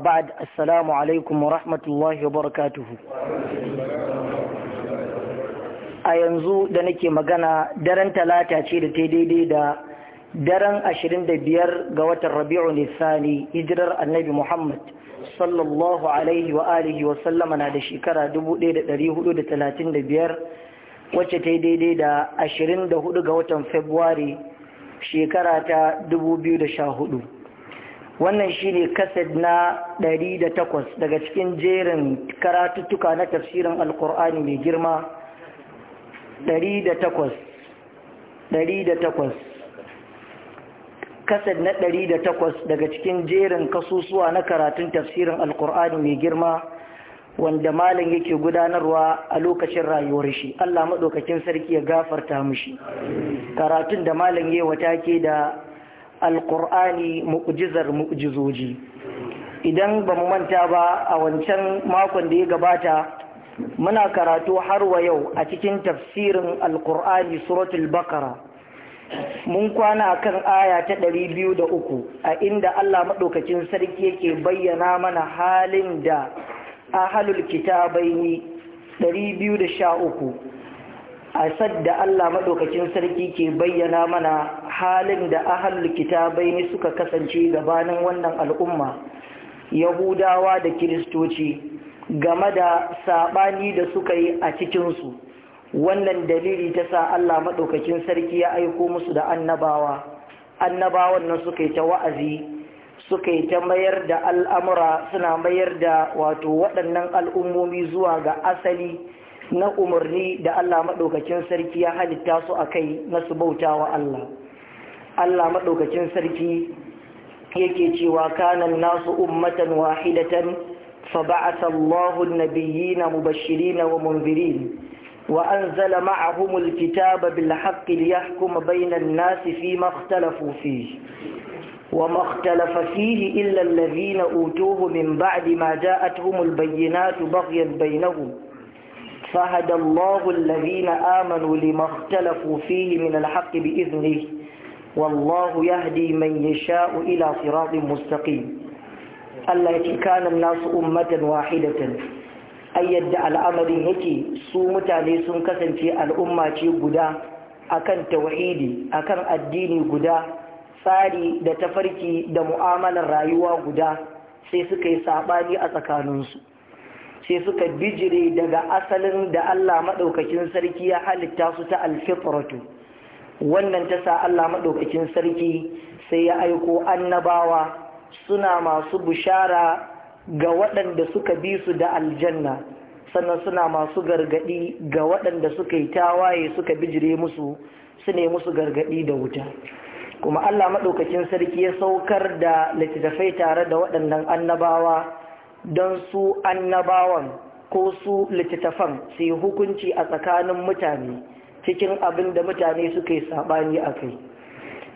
بعد السلام عليكم ورحمة الله وبركاته a yanzu da nake magana daren talata ce da ta daidai da daren 25 ga watan rabi'u nisani hijirar annabi muhammad sallallahu alaihi wa alihi wa sallama na da shekara 1435 wacce ta daidai da 24 ga watan februari shekara ta 2014 wannan shi ne kaset na 108 daga cikin jerin karatuttuka na tafsirin alkur'ani mai girma 108 108 kaset na 108 daga cikin jerin kasusuwa na karatun tafsirin alkur'ani mai girma wanda malam yake gudanarwa a lokacin rayuwar shi Allah maɗaukakin sarki ya gafarta mushi karatun da malam yi wata ke da Alƙur'ani mu'jizar mu'jizoji idan ba mu manta ba a wancan makon da ya gabata muna karatu har wa yau a cikin tafsirin alkur'ani suratul bakara mun kwana kan aya ta ɗari biyu da uku, a inda Allah maɗaukacin sarki yake bayyana mana halin da ahalul sha uku. a da Allah maɗaukacin sarki ke bayyana mana halin da ahalul kitabai ne suka kasance gabanin wannan al'umma yahudawa da kiristoci game da saɓani da suka yi a cikinsu wannan dalili ta sa Allah maɗaukacin sarki ya aiko musu da annabawa annabawan nan suka yi ta wa'azi suka yi ta mayar da al'amura suna mayar da wato waɗannan al'ummomi zuwa ga asali na umarni da Allah maɗaukacin sarki ya halitta su a kai na su bauta wa Allah Allah maɗaukacin sarki yake cewa kanan nasu ummatan wahidatan fa ba'atha Allahu an-nabiyyina mubashshirina wa munzirin wa anzala ma'ahum al-kitaba bil haqqi liyahkuma bayna an-nasi fima ikhtalafu fihi وما اختلف فيه إلا الذين أوتوه من بعد ما جاءتهم البينات بغيا بينهم فهدى الله الذين آمنوا لما اختلفوا فيه من الحق بإذنه والله يهدي من يشاء إلى صراط مستقيم التي كان الناس أمة واحدة أن يدعى الأمر يكي سومتا ليسون كسنتي الأمة تي قدا أكن توحيدي أكن الديني قدا tsari da tafarki da mu'amalar rayuwa guda sai suka yi saɓani a tsakaninsu sai suka bijire daga asalin da Allah maɗaukakin sarki ya halitta su ta alfifratu wannan ta sa Allah maɗaukakin sarki sai ya aiko annabawa suna masu bishara ga waɗanda suka bi su da aljanna sannan suna masu gargaɗi ga waɗanda suka yi tawaye suka bijire musu su ne musu gargaɗi da wuta kuma Allah maɗaukakin sarki ya saukar da littattafai tare da waɗannan annabawa don su annabawan ko su littattafan su yi hukunci a tsakanin mutane cikin abin da mutane suka yi saɓani a kai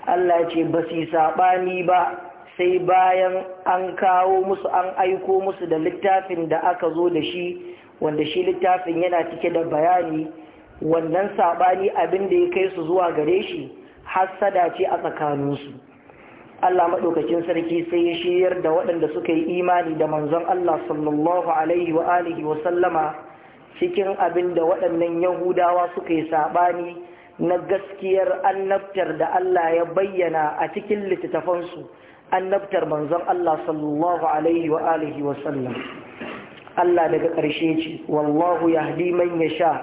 Allah ce ba su yi saɓani ba sai bayan an kawo musu an aiko musu da littafin da aka zo da shi wanda shi littafin yana cike da bayani wannan saɓani abin da ya kai su zuwa gare shi hassada ce a tsakaninsu Allah maɗaukacin sarki sai ya shiryar da waɗanda suka yi imani da manzon Allah sallallahu alaihi wa alihi wa sallama cikin abin da waɗannan Yahudawa suka yi saɓani na gaskiyar annabtar da Allah ya bayyana a cikin littattafansu annabtar manzon Allah sallallahu alaihi wa alihi wa Allah daga ƙarshe ce, Wallahu yahdi man ya sha,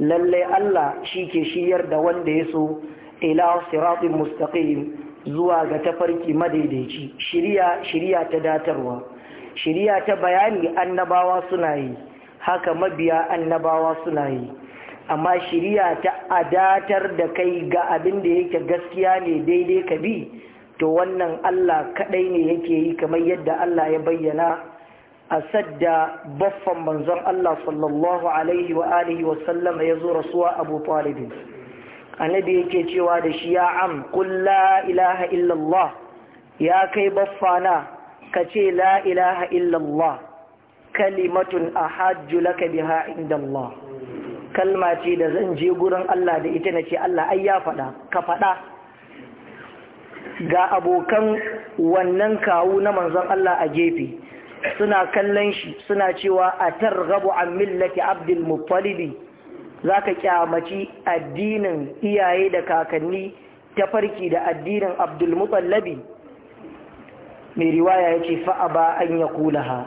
lallai Allah shi ke shiryar da wanda ya so ila siratin mustaqim zuwa ga tafarki madaidaici shirya shirya ta datarwa shirya ta bayani annabawa suna yi haka mabiya annabawa suna yi amma shirya ta adatar da kai ga abin da yake gaskiya ne daidai ka bi to wannan Allah kadai ne yake yi kamar yadda Allah ya bayyana a sadda baffan manzon Allah sallallahu alaihi wa alihi wa ya zo rasuwa Abu Talib annabi yake cewa da shi ya am qul la ilaha illallah ya kai baffana ka ce la ilaha illallah kalimatun hajju laka biha indallah kalma ce da zan je gurin Allah da ita nace Allah ai ya faɗa ka faɗa ga abokan wannan kawu na manzon Allah a gefe suna kallon shi suna cewa a targhabu an millati abdul muttalibi za ka kyamaci addinin iyaye da kakanni ta farki da addinin abdulmutallabi mai riwaya ya ce fa'a ba an ya kulaha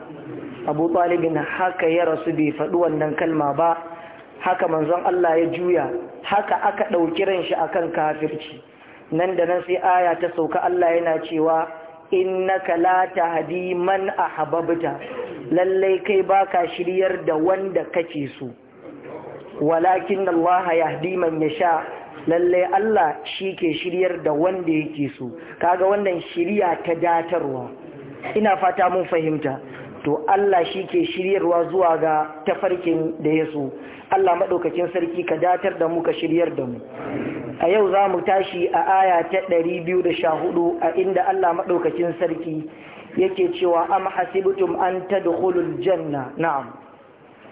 abu talibin haka ya rasu bai faɗi wannan kalma ba haka manzon Allah ya juya haka aka ɗauki ranshi shi kan kafirci nan da nan sai aya ta sauka Allah yana cewa innaka la tahdi man hababta, lallai kai ba ka shiryar da wanda kake so walakin Allah yahdi man sha, lalle Allah shi ke shiryar da wanda yake so kaga wannan shirya ta datarwa ina fata mun fahimta to Allah shi ke shiryarwa zuwa ga tafarkin da ya so Allah maɗaukacin sarki ka datar da mu ka shiryar da mu a yau za mu tashi a aya ta 214 a inda Allah maɗaukacin sarki yake cewa am hasibtum an tadkhulul janna na'am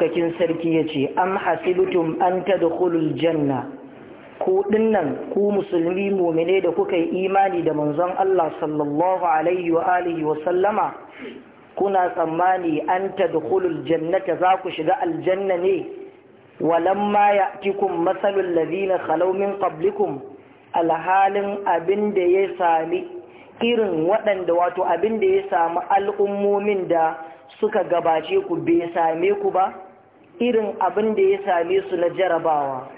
maɗaukakin sarki ya ce an hasibtum an tadkhulul janna ku dinnan ku musulmi mu'mine da kuka yi imani da manzon Allah sallallahu alaihi wa alihi wa sallama kuna tsammani an tadkhulul jannata za ku shiga aljanna ne walamma ya'tikum masalul ladina khalaw min qablikum alhalin abin da ya sami irin waɗanda wato abin da ya sami al'ummomin da suka gabace ku bai same ku ba irin abin da ya same su na jarabawa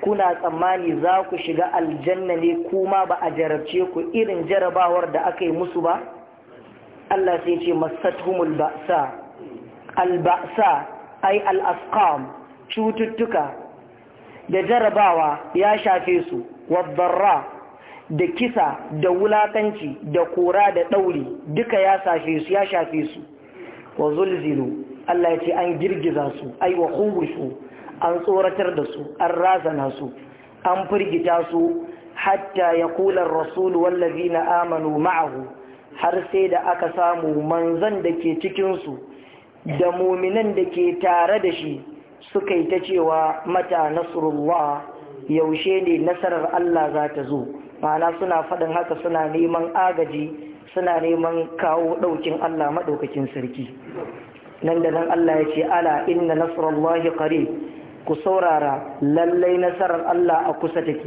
kuna tsammani za ku shiga aljanna ne kuma ba a jarabce ku irin jarabawar da aka yi musu ba Allah sai ce masathumul ba'sa alba'sa ai al'asqam cututtuka da jarabawa ya shafe su wabbarra da kisa da wulakanci da kora da ɗauri duka ya shafe su ya shafe su wa zulzilu Allah ya ce an girgiza su ai wa su an tsoratar da su an razana su an firgita su hatta ya kular rasulu wallazi na amanu ma'ahu har sai da aka samu manzan da ke cikinsu da muminan da ke tare da shi suka yi ta cewa mata nasrullah yaushe ne nasarar Allah za ta zo mana suna faɗin haka suna neman agaji suna neman kawo ɗaukin Allah maɗaukakin sarki nan da nan Allah ya ce ala inna nasrullahi qarib ku saurara lallai nasarar Allah a kusa take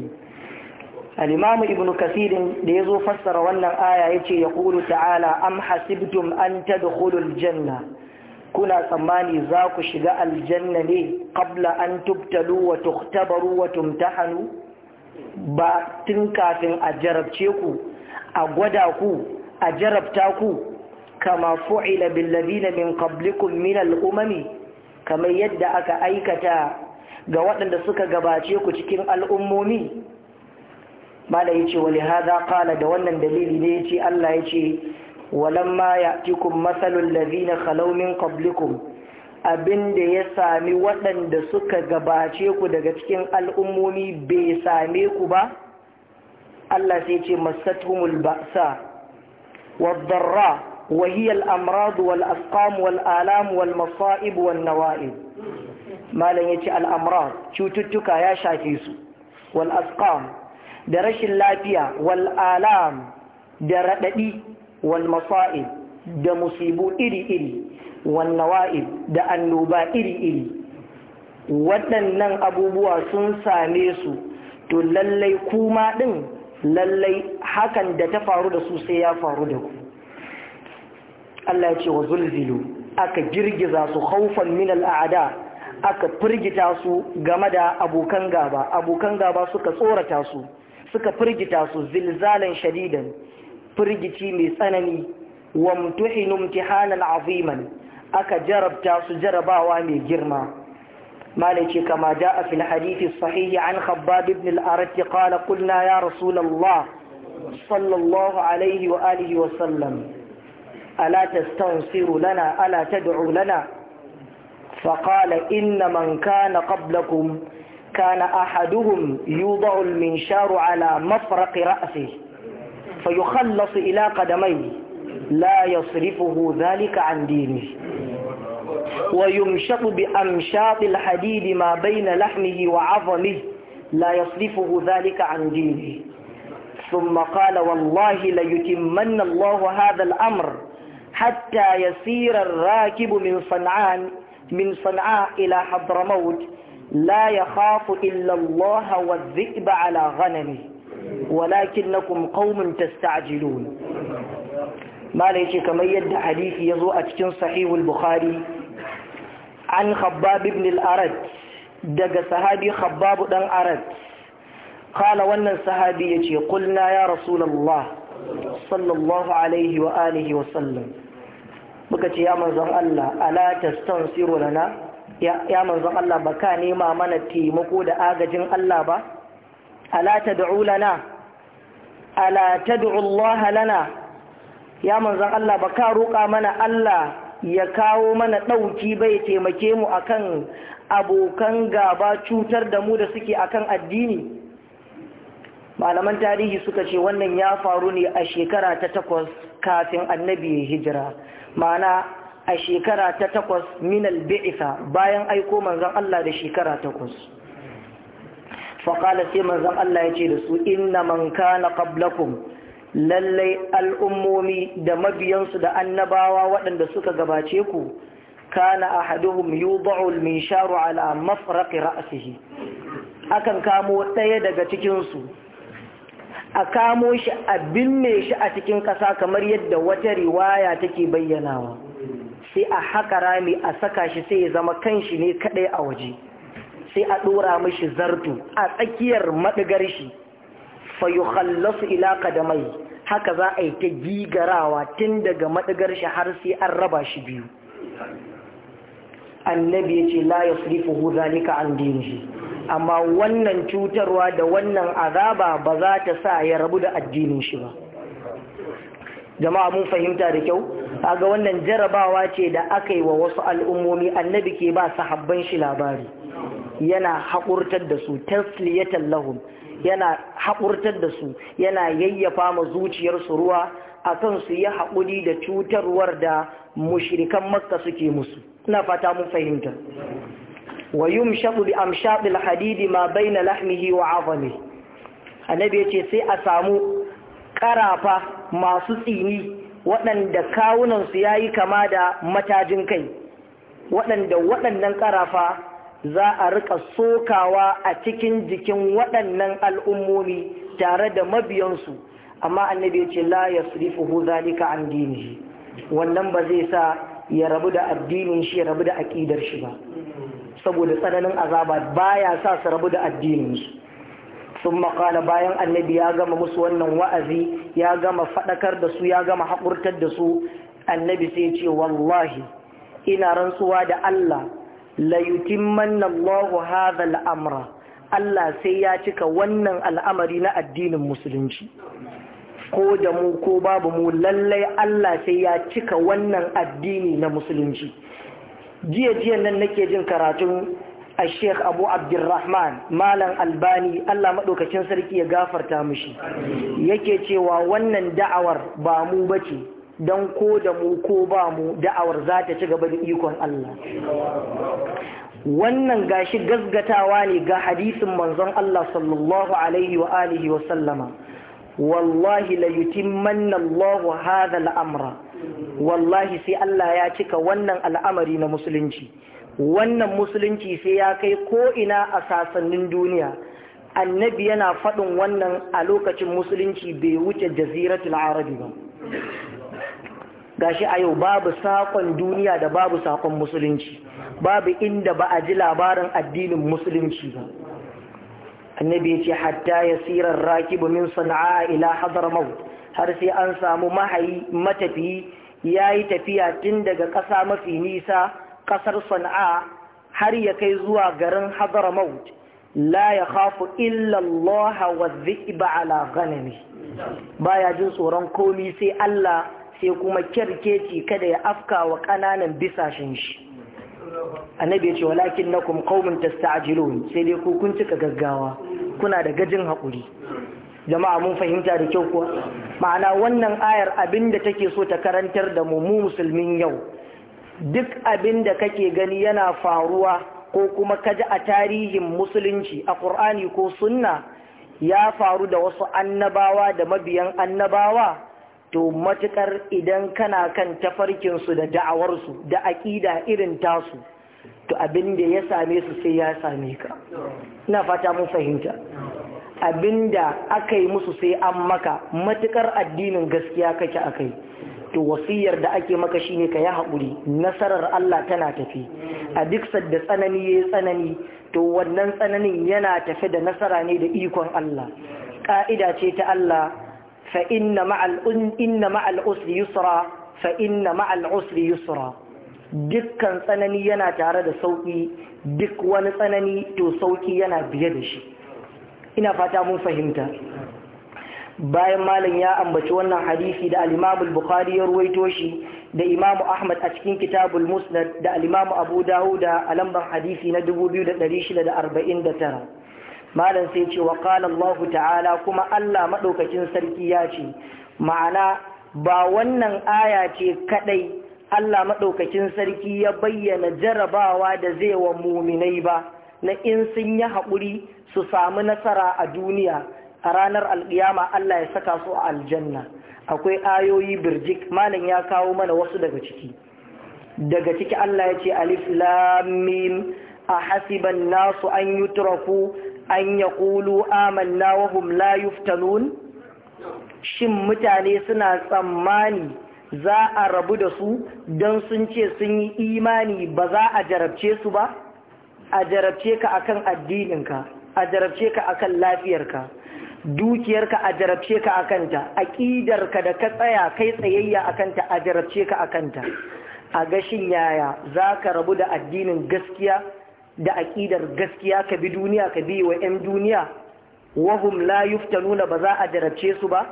al-imamu ibnu kasir da yazo fassara wannan aya yace yaqulu ta'ala am hasibtum an tadkhulul janna kuna tsammani za ku shiga aljanna ne qabla an tubtalu wa tuhtabaru wa tumtahanu ba tun kafin a jarabce ku a gwada ku a jarabta ku kama fu'ila bil ladina min qablikum min al umami kamar yadda aka aikata ga waɗanda suka gabace ku cikin al'ummomi mala yace wali hada qala da wannan dalili ne yace Allah yace walamma ya'tikum masalul ladina khalaw min qablikum abinda ya sami waɗanda suka gabace ku daga cikin al'ummomi bai same ku ba Allah sai ce masatumul ba'sa wadh-dharra وهي الأمراض والأسقام والآلام والمصائب والنوائب ما لن يتي الأمراض شوتتك يا شاكيس والأسقام درش اللافية والآلام دردي والمصائب دمصيبو إري إري والنوائب دأنوبا إري إري waɗannan abubuwa sun same su to lallai kuma ɗin lallai hakan da ta faru da su sai ya faru da ku Allah ce wa zulzilu aka girgiza su haufan min al'ada aka firgita su game da abokan gaba abokan gaba suka tsorata su suka firgita su zilzalan shadidan firgici mai tsanani wa mutuhinu imtihanan aziman aka jarabta su jarabawa mai girma مالك kamada جاء hadithi sahihi an عن خباب بن الأرت قال قلنا ya رسول الله ألا تستنصر لنا ألا تدعو لنا فقال إن من كان قبلكم كان أحدهم يوضع المنشار على مفرق رأسه فيخلص إلى قدميه لا يصرفه ذلك عن دينه ويمشط بأمشاط الحديد ما بين لحمه وعظمه لا يصرفه ذلك عن دينه ثم قال والله ليتمن الله هذا الأمر hatta yasira rakibu min san'an min san'a ila hadramaut la khafu illa Allah wa dhi'ba ala ghanami walakinnakum qaumun tasta'jilun malai ce kamar yadda hadisi yazo a cikin sahihul bukhari an khabbab ibn al-arad daga sahabi khabbab dan arad kala wannan sahabi yace ƙulna ya rasulallah sallallahu alaihi wa alihi wa sallam muka ce ya manzon Allah ala siro lana ya manzon Allah ba ka nema mana taimako da agajin Allah ba ala tad'u lana ala tad'u Allah lana ya manzon Allah ba ka roƙa mana Allah ya kawo mana ɗauki bai taimake mu akan abokan gaba cutar da mu da suke akan addini malaman tarihi suka ce wannan ya faru ne a shekara ta takwas kafin annabi ya hijira ma'ana a shekara ta takwas minal bi'isa bayan aiko manzan Allah da shekara takwas faƙala sai manzan Allah ya ce da su inna man kana qablakum lallai al'ummomi da mabiyansu da annabawa waɗanda suka gabace ku kana ahaduhum yudau min sharu ala mafraqi ra'sihi akan kamo ɗaya daga cikin su a kamo shi a binne shi a cikin ƙasa kamar yadda wata riwaya take bayyanawa sai a haka rami a saka shi sai ya zama kanshi ne kaɗai a waje sai a ɗora mashi zartu a tsakiyar maɗigar shi fa ilaka da mai haka za a yi ta gigarawa tun daga maɗigar shi har sai an raba shi biyu annabi yace ce la ya zalika an dinihi amma wannan cutarwa da wannan azaba ba za ta sa ya rabu da addinin shi ba jama'a mun fahimta da kyau kaga wannan jarabawa ce da aka yi wa wasu al'ummomi annabi ke ba sahabban shi labari yana haƙurtar da su tasliyatan lahum yana haƙurtar da su yana yayyafa ma zuciyarsu ruwa akan su yi haƙuri da cutarwar da mushrikan makka suke musu ina fata mun fahimta wa yumshaqu bi amshaqil hadidi ma baina lahmihi wa ne. annabi yace sai a samu ƙarafa masu tsini waɗanda kawunansu su yi kama da matajin kai waɗanda waɗannan ƙarafa za a rika sokawa a cikin jikin waɗannan al'ummomi tare da mabiyansu amma annabi ce, la ya yasrifuhu zalika an dini wannan ba zai sa ya rabu da addinin shi ya rabu da aƙidar shi ba saboda tsananin azaba baya sa su rabu da addininsu sun makala bayan annabi ya gama musu wannan wa'azi ya gama faɗakar da su ya gama haƙurtar da su annabi sai ce wallahi ina rantsuwa da Allah la manna, Allahu hadha al Allah sai ya cika wannan al'amari na addinin musulunci ko da mu ko babu mu lallai Allah sai ya cika wannan addini na musulunci jiya jiyan nan nake jin karatun a sheikh abu abdurrahman malam albani allah maɗaukacin sarki ya gafarta mushi. yake cewa wannan da'awar ba mu bace don ko da mu ko ba mu da'awar za ta ci gaba da ikon allah wannan gashi gasgatawa ne ga hadisin manzon allah sallallahu alaihi wa alihi wa sallama wallahi la yutimmanna allahu hadha al-amra wallahi sai Allah ya cika wannan al'amari na musulunci wannan musulunci sai ya kai ko'ina a sasannin duniya annabi yana faɗin wannan a lokacin musulunci bai wuce jaziratul arabi ba gashi a yau babu saƙon duniya da babu saƙon musulunci babu inda ba a ji labarin addinin musulunci ba annabi ce hatta ya sirar rakibu min sana'a ila hadar har sai an samu mahayi matafiyi ya yi tafiya tun daga ƙasa mafi nisa ƙasar sana'a har ya kai zuwa garin hadramaut la ya khafu illallah wa dhi'ba ala ghanami baya jin tsoron komi sai Allah sai kuma kirkeci kada ya afka wa ƙananan bisashen shi annabi ya ce walakin nakum qaumun tasta'jilun sai dai ku kun cika gaggawa kuna da gajin haƙuri jama'a mun fahimta da kyau kuwa ma'ana wannan ayar abin da take so ta karantar da mu mu musulmin yau duk abin da kake gani yana faruwa ko kuma kaji a tarihin musulunci a ƙur'ani ko sunna ya faru da wasu annabawa da mabiyan annabawa to matukar idan kana kan tafarkinsu da da'awarsu da aƙida irin tasu to abin da ya same su sai ya same ka ina fata mun fahimta abinda aka yi musu sai an maka matukar addinin gaskiya kake akai to wasiyar da ake maka shine ka yi haƙuri nasarar Allah tana tafi a duk sadda tsanani yi tsanani to wannan tsananin yana tafi da nasara ne da ikon Allah Ƙa'ida ce ta Allah fa inna ma'al inna ma'al usri yusra fa inna ma'al usri yusra dukkan tsanani yana tare da sauki duk wani tsanani to sauki yana biye da shi ina fata mun fahimta bayan malam ya ambaci wannan hadisi da al-Imam al-Bukhari ya ruwaito shi da Imam Ahmad a cikin Kitabul Musnad da al-Imam Abu Dawud a lambar hadisi na 2649 malam sai ce wa qala Allah ta'ala kuma Allah madaukakin sarki ya ce ma'ana ba wannan aya ce kadai Allah madaukakin sarki ya bayyana jarabawa da zai wa muminai ba na in sun yi haƙuri su samu nasara a duniya a ranar alƙiyama Allah ya saka su a aljanna akwai ayoyi birjik malam ya kawo mana wasu daga ciki daga ciki Allah ya ce alif lamim a hasiban nasu an turaku an yaqulu amanna wa la yuftanun shin mutane suna tsammani za a rabu da su don sun ce sun yi imani ba za a jarabce su ba a jarabce ka akan addininka a jarabce ka akan lafiyarka dukiyarka a jarabce ka akanta aƙidarka da ka tsaya kai tsayayya akanta a jarabce ka akanta a gashin yaya za ka rabu da addinin gaskiya da aƙidar gaskiya ka bi duniya ka bi wa 'yan duniya wahum la nuna ba za a jarabce su ba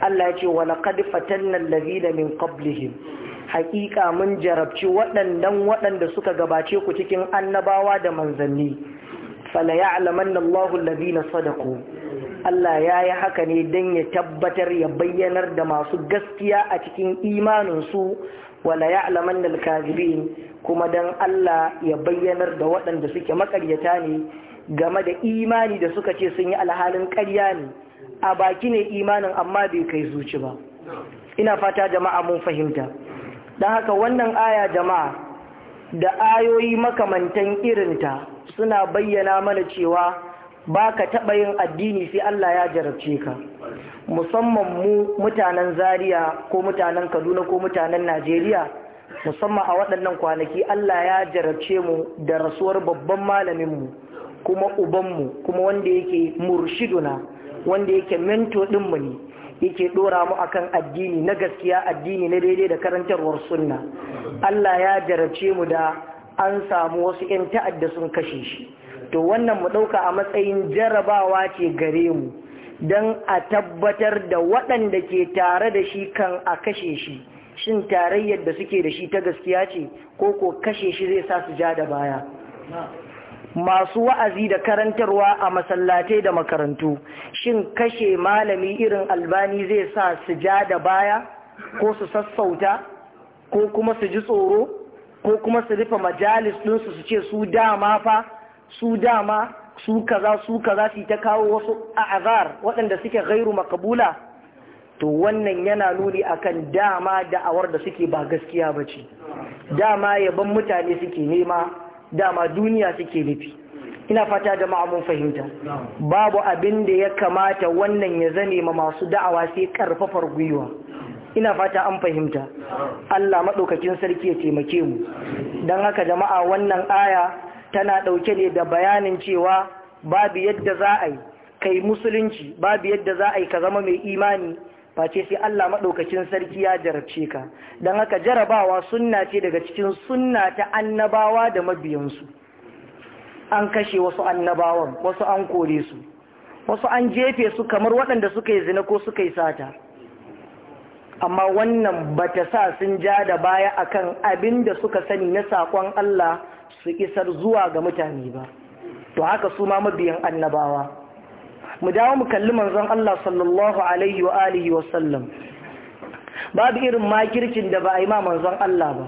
Allah ya ce wa laqad fatanna allazina min qablihim haƙiƙa mun jarabci waɗannan waɗanda suka gabace ku cikin annabawa da manzanni fala ya'lamanna Allahu na sadaku, Allah ya yi haka ne don ya tabbatar ya bayyanar da masu gaskiya a cikin imaninsu wala ya'lamanna al-kadhibin kuma don Allah ya bayyanar da waɗanda suke makaryata ne game da imani da suka ce sun yi alhalin karya ne a baki ne imanin amma bai kai zuci ba ina fata jama'a mun fahimta don haka wannan aya jama'a da ayoyi makamantan irinta suna bayyana mana cewa ba ka taɓa yin addini sai Allah ya jarabce ka musamman mu mutanen zaria ko mutanen kaduna ko mutanen najeriya musamman a waɗannan kwanaki Allah ya jarabce mu da rasuwar babban malaminmu kuma ubanmu kuma wanda yake murshiduna wanda yake mento ɗinmu ne yake dora mu akan addini na gaskiya addini na daidai da karantarwar sunna Allah ya jarace mu da an samu wasu 'yan ta'adda sun kashe shi to wannan mu ɗauka a matsayin jarabawa ce gare mu don a tabbatar da waɗanda ke tare da shi kan a kashe shi shin tarayyar da suke da shi ta gaskiya ce ko ko kashe shi zai sa su ja da baya masu wa'azi da karantarwa a masallatai da makarantu shin kashe malami irin albani zai sa su ja da baya ko su sassauta ko kuma su ji tsoro ko kuma su rufe majalis ɗinsu su ce su dama fa su dama su kaza su kaza su ta kawo wasu azar waɗanda suke gairu makabula to wannan yana nuni akan dama da'awar da suke ba gaskiya ba ce dama yaban mutane suke nema dama duniya suke nufi ina fata da ma'amun fahimta babu abin da ya kamata wannan ya zane ma masu da'awa sai karfafar gwiwa ina fata an fahimta Allah maɗaukakin sarki ya taimake mu don haka jama'a wannan aya tana ɗauke ne da bayanin cewa babu yadda za a yi kai musulunci babu yadda za a yi ka zama mai imani face sai Allah maɗaukacin sarki ya jarabce ka don haka jarabawa sunna ce daga cikin sunna ta annabawa da mabiyansu an kashe wasu annabawan wasu an kore su wasu an jefe su kamar waɗanda suka yi zina ko suka yi sata amma wannan ba ta sa sun ja da baya akan abin da suka sani na saƙon Allah su isar zuwa ga mutane ba to haka su ma mabiyan annabawa mu dawo mu kalli manzon Allah sallallahu alaihi wa alihi wa sallam babu irin makircin da ba a yi ma manzon Allah ba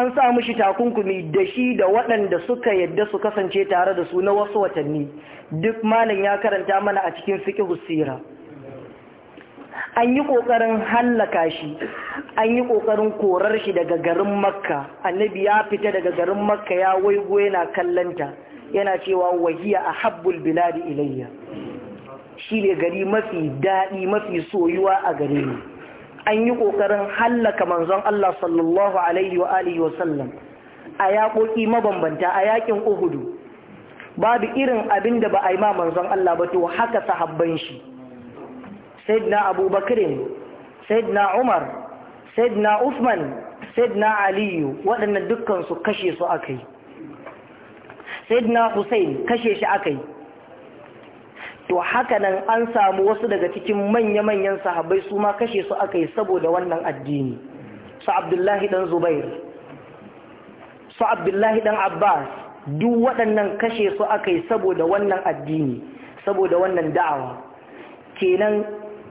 an sa shi takunkumi da shi da waɗanda suka yadda su kasance tare da su na wasu watanni duk malam ya karanta mana a cikin fiqh sira an yi ƙoƙarin hallaka shi an yi ƙoƙarin korar shi daga garin makka annabi ya fita daga garin makka ya waigo yana kallanta yana cewa wahiya a habbul biladi ilayya shi ne gari mafi daɗi mafi soyuwa a gare ni an yi ƙoƙarin hallaka manzon Allah sallallahu alaihi wa alihi wa sallam a yaƙoƙi mabambanta a yaƙin Uhudu babu irin abin da ba a yi ma manzon Allah ba to haka sahabban shi sayyidina Abubakar sayyidina Umar sayyidina Uthman sayyidina Aliyu waɗannan dukkan su kashe su akai sayyidina Hussein kashe shi aka yi to haka nan an samu wasu daga cikin manya-manyan sahabbai su ma kashe su aka yi saboda wannan addini su Abdullahi ɗan Zubair su Abdullahi ɗan Abbas duk waɗannan kashe su aka yi saboda wannan addini saboda wannan da'awa kenan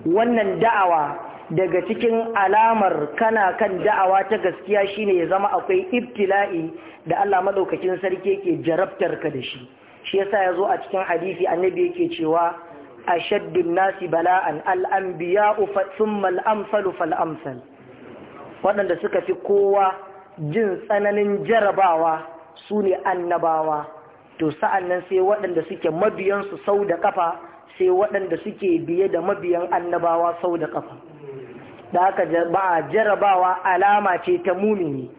wannan da'awa daga cikin alamar kana kan da'awa ta gaskiya shine ya zama akwai ibtila'i da Allah madaukakin sarki yake jarabtar ka da shi shi yasa yazo a cikin hadisi annabi yake cewa ashaddun nasi bala'an al fa thumma al fal-amsal waɗanda suka fi kowa jin tsananin jarabawa su ne annabawa to sa'an nan sai waɗanda suke mabiyansu sau da kafa sai waɗanda suke biye da mabiyan annabawa sau da kafa da aka ba jarabawa alama ce ta mumini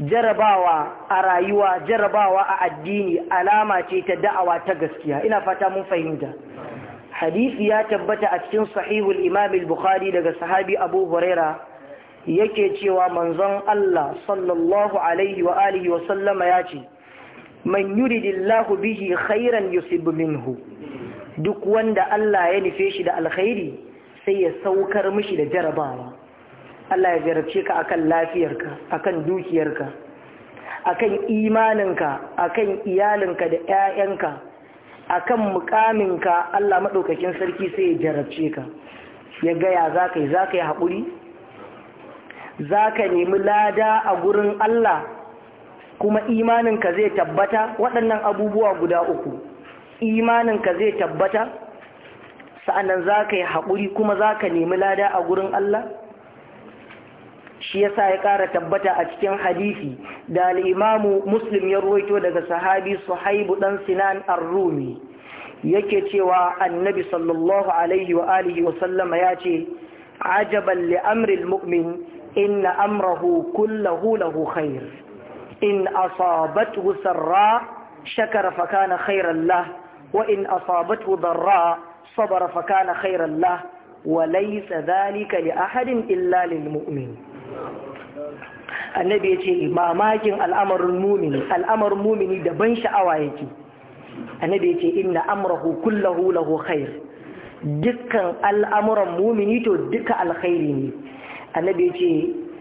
jarabawa a rayuwa jarabawa a addini alama ce ta da'awa ta gaskiya ina fata mun fahimta hadisi ya tabbata a cikin sahihul imam al-bukhari daga sahabi abu huraira yake cewa manzon Allah sallallahu alaihi wa alihi wa sallama ya ce man yuridillahu bihi khairan yusib minhu duk wanda Allah ya nufe shi da alkhairi sai ya saukar mishi da jarabawa Allah ya jarabce ka akan lafiyarka akan dukiyarka akan imaninka akan iyalinka da 'ya'yanka akan mukaminka Allah maɗaukakin sarki sai ya jarabce ka ya gaya za ka yi za ka yi haƙuri za ka nemi lada a gurin Allah kuma imaninka zai tabbata waɗannan abubuwa guda uku imaninka zai tabbata sa'annan za ka yi haƙuri kuma za ka nemi lada a gurin Allah shi yasa ya ƙara tabbata a cikin hadisi da al'imamu muslim ya ruwaito daga sahabi suhaibu ɗan sinan ar-rumi yake cewa annabi sallallahu alaihi wa alihi ya ce ajaban li amril mu'min inna amrahu kullahu lahu khair in asabathu sarra shakara fa kana lah wa in asabathu darra sabara fa kana khairan lah wa laysa dhalika li ahadin illa lil mu'min annabi yace mamakin al'amarin mumini al'amarin mumini da ban sha'awa yake annabi yace inna amrahu kullahu lahu khair dukkan al'amuran mumini to duka alkhairi ne annabi yace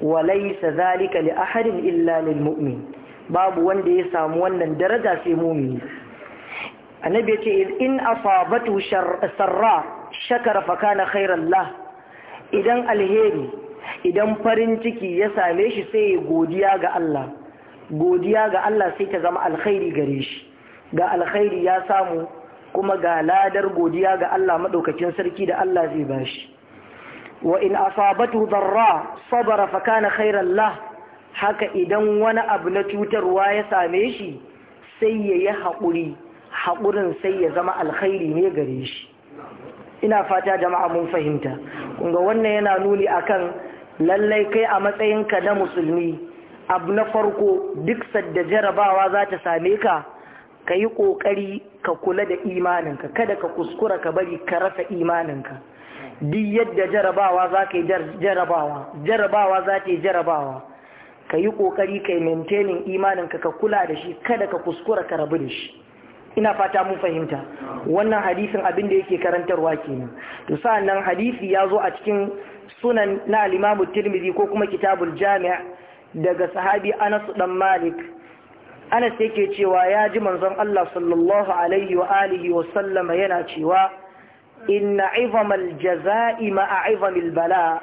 wa laysa dhalika li ahadin illa lil mu'min babu wanda ya samu wannan daraja sai mumini annabi ya ce in asabatu sarra shakara fakana khairan lah idan alheri idan farin ciki ya same shi sai ya godiya ga Allah godiya ga Allah sai ta zama alkhairi gare shi ga alkhairi ya samu kuma ga ladar godiya ga Allah madaukakin sarki da Allah zai bashi wa in asabatu darra sabara fakana khairan lah haka idan wani abu na cutarwa ya same shi sai yayi haƙuri haƙurin sai ya zama alkhairi ne gare shi ina fata jama'a mun fahimta kunga wannan yana nuni akan lallai kai a matsayinka na musulmi abu na farko duk sadda jarabawa za ta same ka ka yi ƙoƙari ka kula da imaninka kada ka kuskura ka bari ka rasa imaninka duk yadda jarabawa za ka yi jarabawa jarabawa za ta yi jarabawa ka yi ƙoƙari ka yi maintaining imaninka ka kula da shi kada ka kuskura ka rabu da shi ina fata mun fahimta wannan hadisin abin da yake karantarwa kenan to sa'annan hadisi ya zo a cikin sunan na al-Imam tirmidhi ko kuma kitabul Jami' daga sahabi Anas dan Malik Anas yake cewa ya ji manzon Allah sallallahu alaihi wa alihi wa sallama yana cewa inna ma jazaa'i ma'a 'izamil bala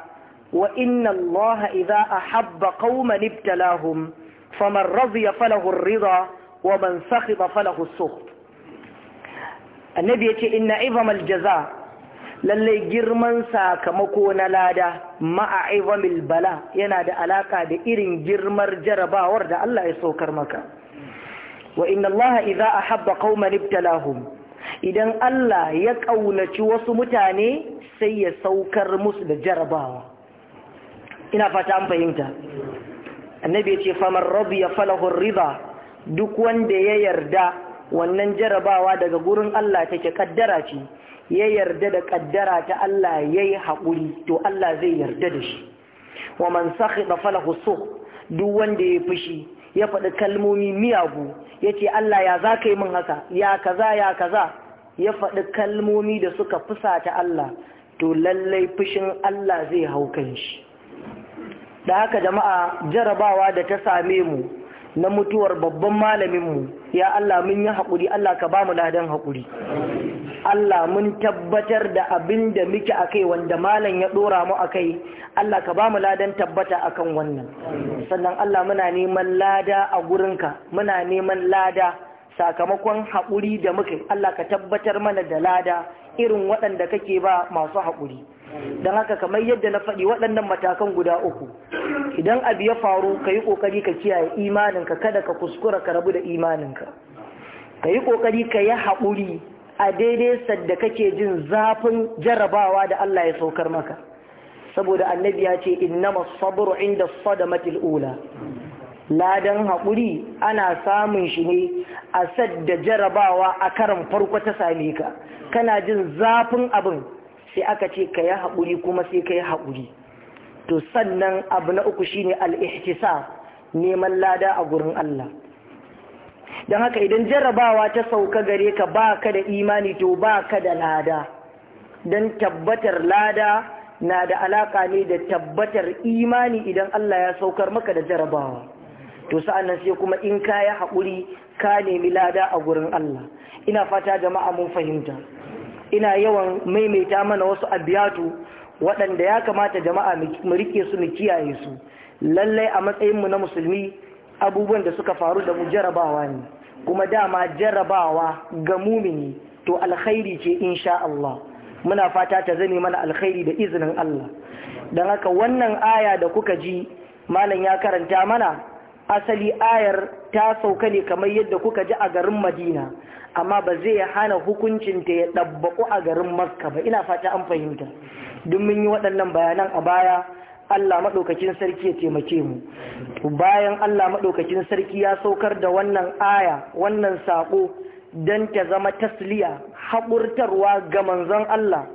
wa inna Allah idza ahabba qauman ibtalahum faman radiya falahu ar-ridha wa man sakhita falahu as-sukht annabi ya ce inna Ivamal jaza lallai girman sakamako na lada ma'a bala yana da alaka da irin girmar jarabawar da Allah ya saukar maka wa inna Allah idza ahabba qauman ibtalahum idan Allah ya kaunaci wasu mutane sai ya saukar musu da jarabawa ina fata an fahimta annabi ya ce faman radiya falahu ridha duk wanda ya yarda wannan jarabawa daga gurin Allah take kaddara ce ya yarda da kaddara ta Allah yayi haƙuri to Allah zai yarda da shi wa man sakhida falahu su duk wanda ya fushi ya faɗi kalmomi miyagu ya ce Allah ya za ka yi min haka ya kaza ya kaza ya faɗi kalmomi da suka fusata Allah to lallai fushin Allah zai hau kan shi da haka jama'a jarabawa da ta same mu na mutuwar babban malaminmu ya Allah mun yi haƙuri Allah ka ba mu ladan hakuri. Allah mun tabbatar da abin da muke a kai wanda malam ya ɗora mu a kai Allah ka ba mu ladan tabbata a kan wannan sannan Allah muna neman lada a gurinka muna neman lada sakamakon hakuri da muke Allah ka tabbatar mana da lada irin waɗanda kake ba masu haƙuri don haka kamar yadda na faɗi waɗannan matakan guda uku idan abu ya faru ka yi ƙoƙari ka kiyaye imaninka kada ka kuskura ka rabu da imaninka ka yi ƙoƙari ka yi haƙuri a daidai sadda kake jin zafin jarabawa da Allah ya saukar maka saboda annabi ya ce innama sabru inda sadamatil ula ladan haƙuri ana samun shi ne a sadda jarabawa a karan farko ta same ka kana jin zafin abin sai aka ce ka yi haƙuri kuma sai ka yi haƙuri to sannan abu na uku shine al'ihtisa neman lada a gurin Allah don haka idan jarrabawa ta sauka gare ka ba ka da imani to ba ka da lada don tabbatar lada na da alaƙa ne da tabbatar imani idan Allah ya saukar maka da jarrabawa to nan sai kuma in ka yi haƙuri ka nemi lada a gurin Allah ina fata jama'a mun fahimta ina yawan maimaita mana wasu abiyatu waɗanda ya kamata jama'a mu rike su mu kiyaye su lallai a matsayinmu na musulmi abubuwan da suka faru da mu jarabawa ne kuma dama jarabawa ga mumini to alkhairi ce insha Allah muna fata ta zame mana alkhairi da izinin Allah Dan haka wannan aya da kuka ji malam ya karanta mana asali ayar ta sauka ne kamar yadda kuka ji a garin Madina amma ba zai hana hukuncin ta ya ɗabbaƙu a garin makka ba ina fata an fahimta duk mun yi waɗannan bayanan a baya Allah maɗaukakin sarki ya taimake mu bayan Allah maɗaukakin sarki ya saukar da wannan aya wannan saƙo don ta zama tasliya haƙurtarwa ga manzon Allah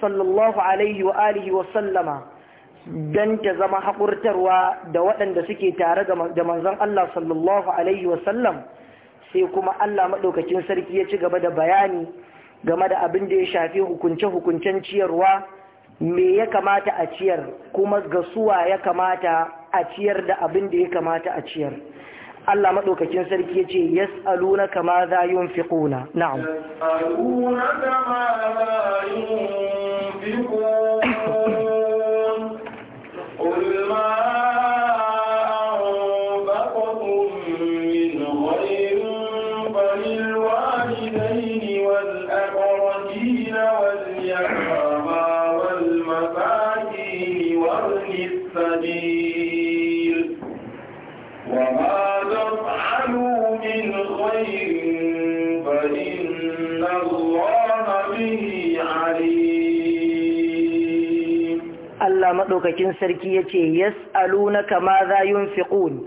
sallallahu alaihi wa alihi wa sallama don ta zama haƙurtarwa da waɗanda suke tare da manzon Allah sallallahu alaihi wa sallam sai kuma Allah maɗaukakin sarki ya ci gaba da bayani game da abin da ya shafi hukunce-hukuncen ciyarwa me ya kamata a ciyar kuma ga suwa ya kamata a ciyar da abin da ya kamata a ciyar Allah maɗaukakin sarki ya ce yas na kama za yi na'am yas'aluna kama za madaukakin sarki yace ka ma za fiƙun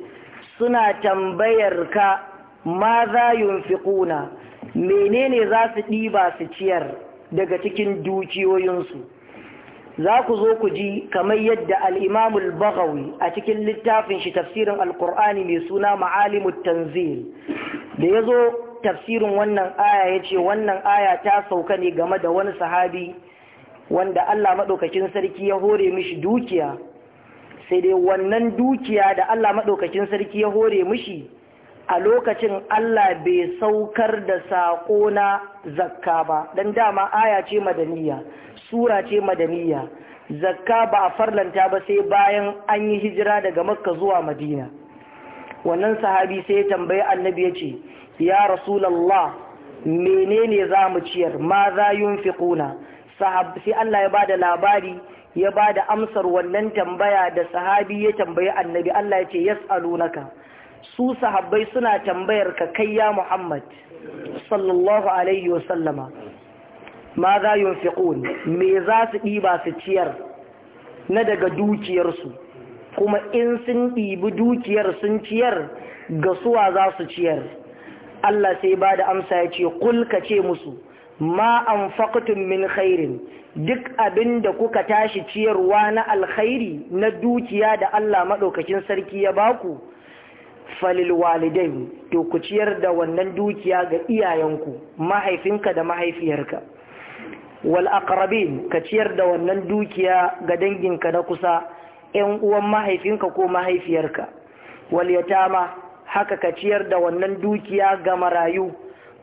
suna tambayar ka ma za yunfiquna menene za su ɗiba su ciyar daga cikin dukiyoyinsu za ku zo ku ji kamar yadda al-Imam baghawi a cikin littafin shi tafsirin al mai suna Ma'alimut Tanzil da yazo tafsirin wannan aya yace wannan aya ta sauka ne game da wani sahabi wanda Allah maɗaukakin sarki ya hore mishi dukiya sai dai wannan dukiya da Allah maɗaukakin sarki ya hore mishi a lokacin Allah bai saukar da saƙo na zakka ba don dama aya ce madaniya sura ce madaniya zakka ba a farlanta ba sai bayan an yi hijira daga makka zuwa madina wannan sahabi sai ya tambayi annabi ya ce ya rasulallah menene za mu ciyar ma za kuna? sai Allah ya bada labari ya ba da amsar wannan tambaya da sahabi ya tambayi annabi Allah ya ce naka su sahabbai suna tambayar ka kai ya Muhammad sallallahu alaihi wa sallama ma za yunfiqun me za su ɗiba su ciyar na daga dukiyarsu kuma in sun ɗibi dukiyar sun ciyar ga suwa za su ciyar Allah sai ba da amsa ya ce kulka ce musu ma anfaqtum min khairin duk abin da kuka tashi ciyarwa na alkhairi na dukiya da Allah madaukakin sarki ya baku falil walidain to ku ciyar da wannan dukiya ga iyayenku mahaifinka da mahaifiyarka wal aqrabin ka ciyar da wannan dukiya ga danginka na kusa ƴan uwan mahaifinka ko mahaifiyarka wal yatama haka ka ciyar da wannan dukiya ga marayu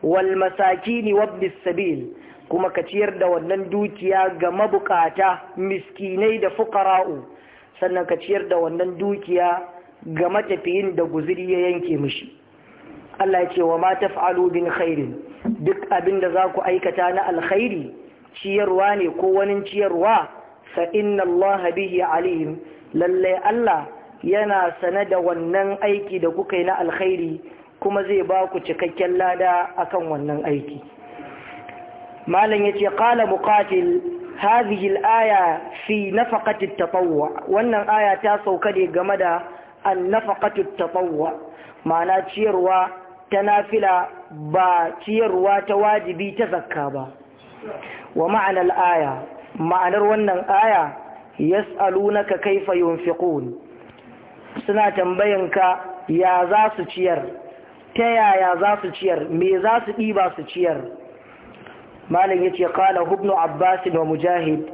wal wabbis sabil kuma ka ciyar da wannan dukiya ga mabukata miskinai da fukara'u sannan ka ciyar da wannan dukiya ga matafiyin da guziri ya yanke mishi Allah ya ce wa ma taf'alu bin khairin duk abin da za ku aikata na alkhairi ciyarwa ne ko wani ciyarwa fa inna Allah bihi alim lalle Allah yana sane da wannan aiki da kuka yi na alkhairi kuma zai ba ku cikakken lada akan wannan aiki malam yace qala muqatil hadhihi al-aya fi nafaqati at-tatawwu wannan aya ta sauka ne game da an-nafaqatu at-tatawwu ma'ana ciyarwa ta nafila ba ciyarwa ta wajibi ta zakka ba wa ma'ana al-aya ma'anar wannan aya yas'alunaka kayfa yunfiqun suna tambayanka ya za su ciyar ta yaya za su ciyar me za su ɗiba su ciyar malam ya ce kala hubnu abbasin wa mujahid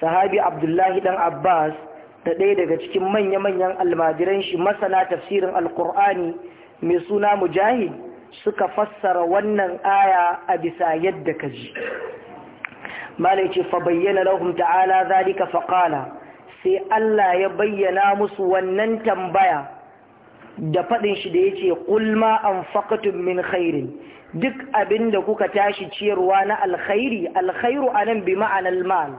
sahabi abdullahi dan abbas da ɗaya daga cikin manya-manyan almajiran shi masana tafsirin alkur'ani mai suna mujahid suka fassara wannan aya a bisa yadda ka ji malin ce fa bayyana lahum ta'ala zalika faqala sai Allah ya bayyana musu wannan tambaya da faɗin shi da ya ce ƙulma an min khairin duk abin da kuka tashi ciyarwa na alkhairi alkhairu a nan bi ma'anar mal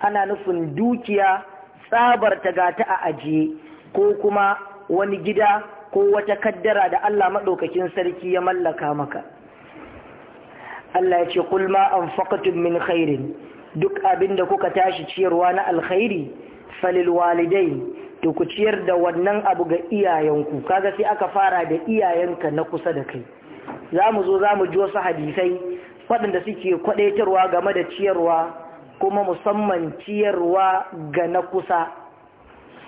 ana nufin dukiya tsabar ta gata a ajiye ko kuma wani gida ko wata kaddara da Allah maɗaukakin sarki ya mallaka maka Allah ya ce ƙulma an min khairin duk abin da kuka tashi ciyarwa na alkhairi falil walidai to ku ciyar da wannan abu ga iyayenku kaga sai aka fara da iyayenka na kusa da kai za mu zo za mu ji wasu hadisai waɗanda suke kwaɗaitarwa game da ciyarwa kuma musamman ciyarwa ga na kusa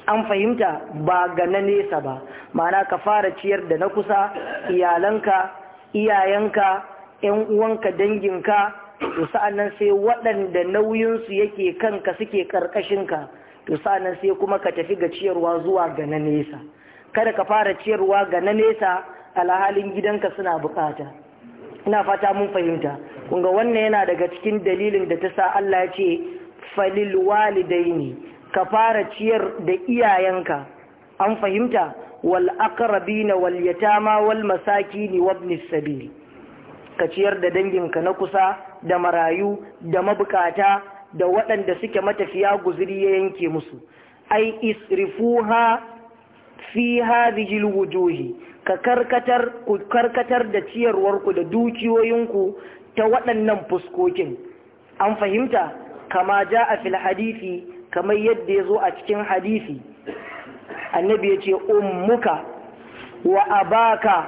an fahimta ba ga na nesa ba ma'ana ka fara ciyar da na kusa iyalanka iyayenka 'yan uwanka danginka to sa'annan sai waɗanda nauyinsu yake kanka suke ƙarƙashinka to sa'annan sai kuma ka tafi ga ciyarwa zuwa ga na nesa kada ka fara ciyarwa ga na nesa alhalin gidanka suna bukata ina fata mun fahimta kunga wannan yana daga cikin dalilin da ta sa Allah ya ce falil walidaini ka fara ciyar da iyayenka an fahimta wal aqrabina wal yatama wal masakin wa ibn sabil ka ciyar da danginka na kusa da marayu da mabukata da waɗanda suke matafiya guziri ya yanke musu ai isrifuha fi hadhihi alwujuhi ka karkatar ku karkatar da ciyarwarku da dukiyoyinku ta waɗannan fuskokin an fahimta kama jaa fil hadisi kamar yadda yazo a cikin hadisi annabi yace ummuka wa abaka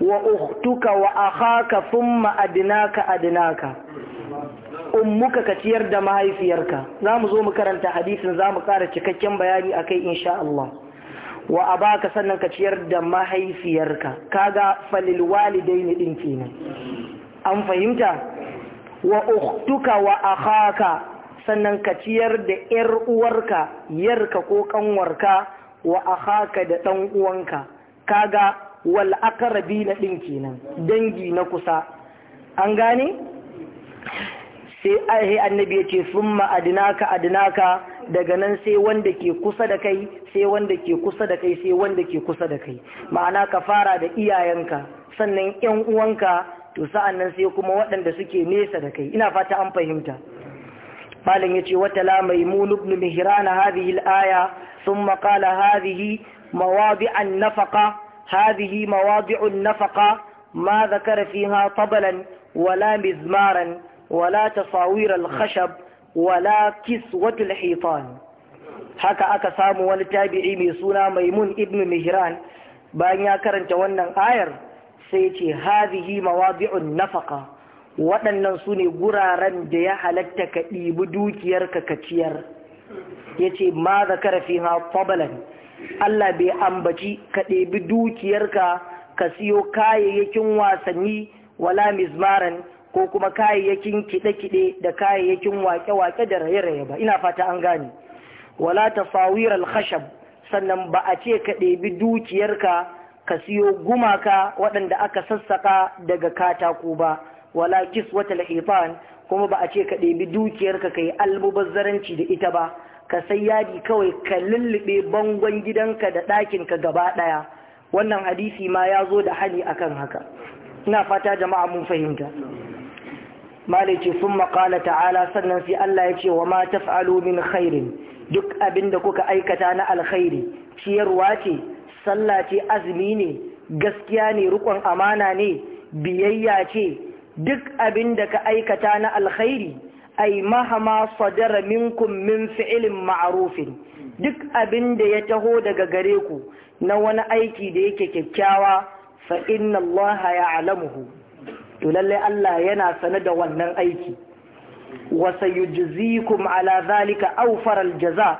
wa ukhtuka wa akhaka thumma adnaka adnaka ummuka ka ciyar da mahaifiyarka za mu zo mu karanta hadisin za mu ƙara cikakken bayani a kai insha Allah wa a baka sannan ka ciyar da mahaifiyarka kaga falil walidai ne ɗin kenan an fahimta wa uktuka wa akhaka sannan ka ciyar da ƴar uwarka, yarka ko kanwarka wa akhaka da ɗan uwanka, kaga wal akarabi na ɗin kenan, dangi na kusa. An gane? sai ahi annabi ya ce sun maadinaka adinaka daga nan sai wanda ke kusa da kai sai wanda ke kusa da kai sai wanda ke kusa da kai ma'ana ka fara da iyayenka sannan yan uwanka to sa'an nan sai kuma waɗanda suke nesa da kai ina fata an fahimta malam yace watala maimun ibn mihran hadhihi al-aya thumma qala hadhihi an nafaqa hadhihi an nafaqa ma dhakara fiha tablan wala mizmaran wala tasawir al-khashab wala kiswatul hitan haka aka samu wani tabi'i mai suna maimun ibn mihran bayan ya karanta wannan ayar sai ce hadhihi mawadi'un nafaqa waɗannan su ne guraren da ya halatta ka ɗibi dukiyarka ka ciyar ya ce ma zakara fi ha fabalan Allah bai ambaci ka ɗebi dukiyarka ka siyo kayayyakin wasanni wala mizmaran ko kuma kayayyakin kiɗe-kiɗe da kayayyakin wake-wake da raye-raye ba ina fata an gane wala tasawir al-khashab sannan ba a ce ka ɗebi dukiyarka ka siyo gumaka waɗanda aka sassaka daga katako ba wala kiswata al-hitan kuma ba a ce ka ɗebi dukiyarka ka yi almubazzaranci da ita ba ka sai yadi kawai ka lullube bangon gidanka da ɗakinka gaba ɗaya wannan hadisi ma ya zo da hani akan haka ina fata jama'a mun fahimta malaki sun maƙala ta'ala sannan sai Allah ya ce wa ma taf'alu min khairin duk abin da kuka aikata na alkhairi ciyarwa ce sallah ce azumi ne gaskiya ne rukun amana ne biyayya ce duk abin da ka aikata na alkhairi ai mahama sadara minkum min fi'ilin ma'arufin duk abin da ya taho daga gare ku na wani aiki da yake kyakkyawa fa inna Allah ya alamuhu to lalle Allah yana sane da wannan aiki wa sayujzikum ala zalika awfar jaza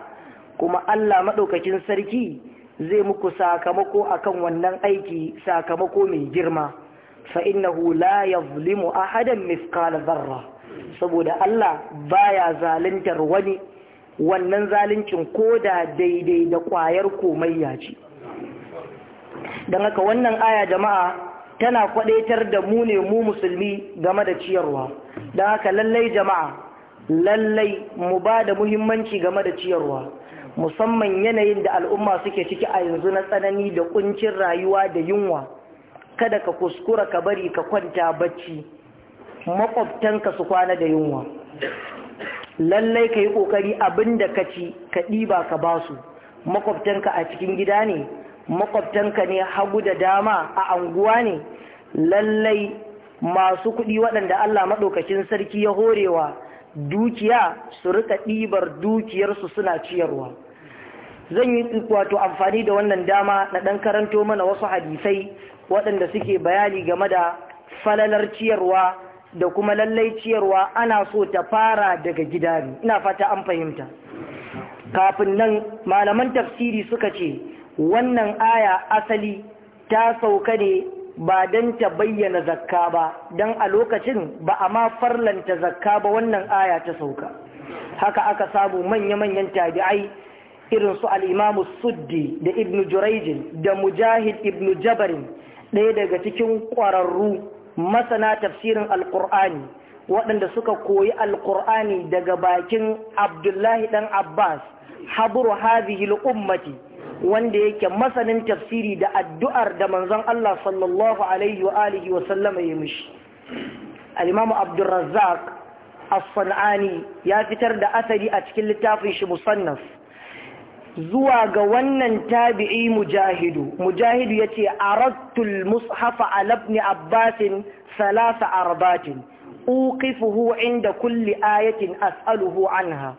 kuma Allah madaukakin sarki zai muku sakamako akan wannan aiki sakamako mai girma fa innahu la yuzlimu ahadan mithqala dharra saboda Allah baya zaluntar wani wannan zaluncin koda daidai da kwayar komayya ce don haka wannan aya jama'a tana kwadaitar da mu ne mu musulmi game da ciyarwa don haka lallai jama'a lallai mu ba da muhimmanci game da ciyarwa musamman yanayin da al'umma suke ciki a yanzu na tsanani da kuncin rayuwa da yunwa kada ka kuskura ka bari ka kwanta bacci makwabtanka su kwana da yunwa lallai ka yi ƙoƙari abin da ka ci ka ɗiba ka basu makwabtanka a cikin gida ne makwabtanka ne hagu da dama a anguwa ne lallai masu kuɗi waɗanda Allah maɗaukacin sarki ya horewa dukiya su rika ɗibar dukiyarsu suna ciyarwa zan yi wato amfani da wannan dama na ɗan karanto mana wasu hadisai waɗanda suke bayani game da falalar ciyarwa da kuma lallai ciyarwa ana so ta fara daga gida ina fata an fahimta kafin nan malaman tafsiri suka ce wannan aya asali ta sauka ne ba don ta bayyana zakka ba don a lokacin ba a ma farlanta zakka ba wannan aya ta sauka haka aka samu manya-manyan tabi'ai irin su al'imamu suddi da ibn juraijin da mujahid ibn jabarin ɗaya daga cikin ƙwararru masana tafsirin alƙur'ani waɗanda suka koyi alƙur'ani daga bakin abdullahi ɗan abbas haburu hazihi ummati wanda yake masanin tafsiri da addu'ar da manzon Allah sallallahu alaihi wa alihi wa sallama ya mishi Alimamu imamu as-sanani ya fitar da asali a cikin littafin shi musannaf zuwa ga wannan tabi'i mujahidu mujahidu ya ce arattul mushafa ala ibn abbas thalatha arbatin uqifuhu inda kulli ayatin as'aluhu anha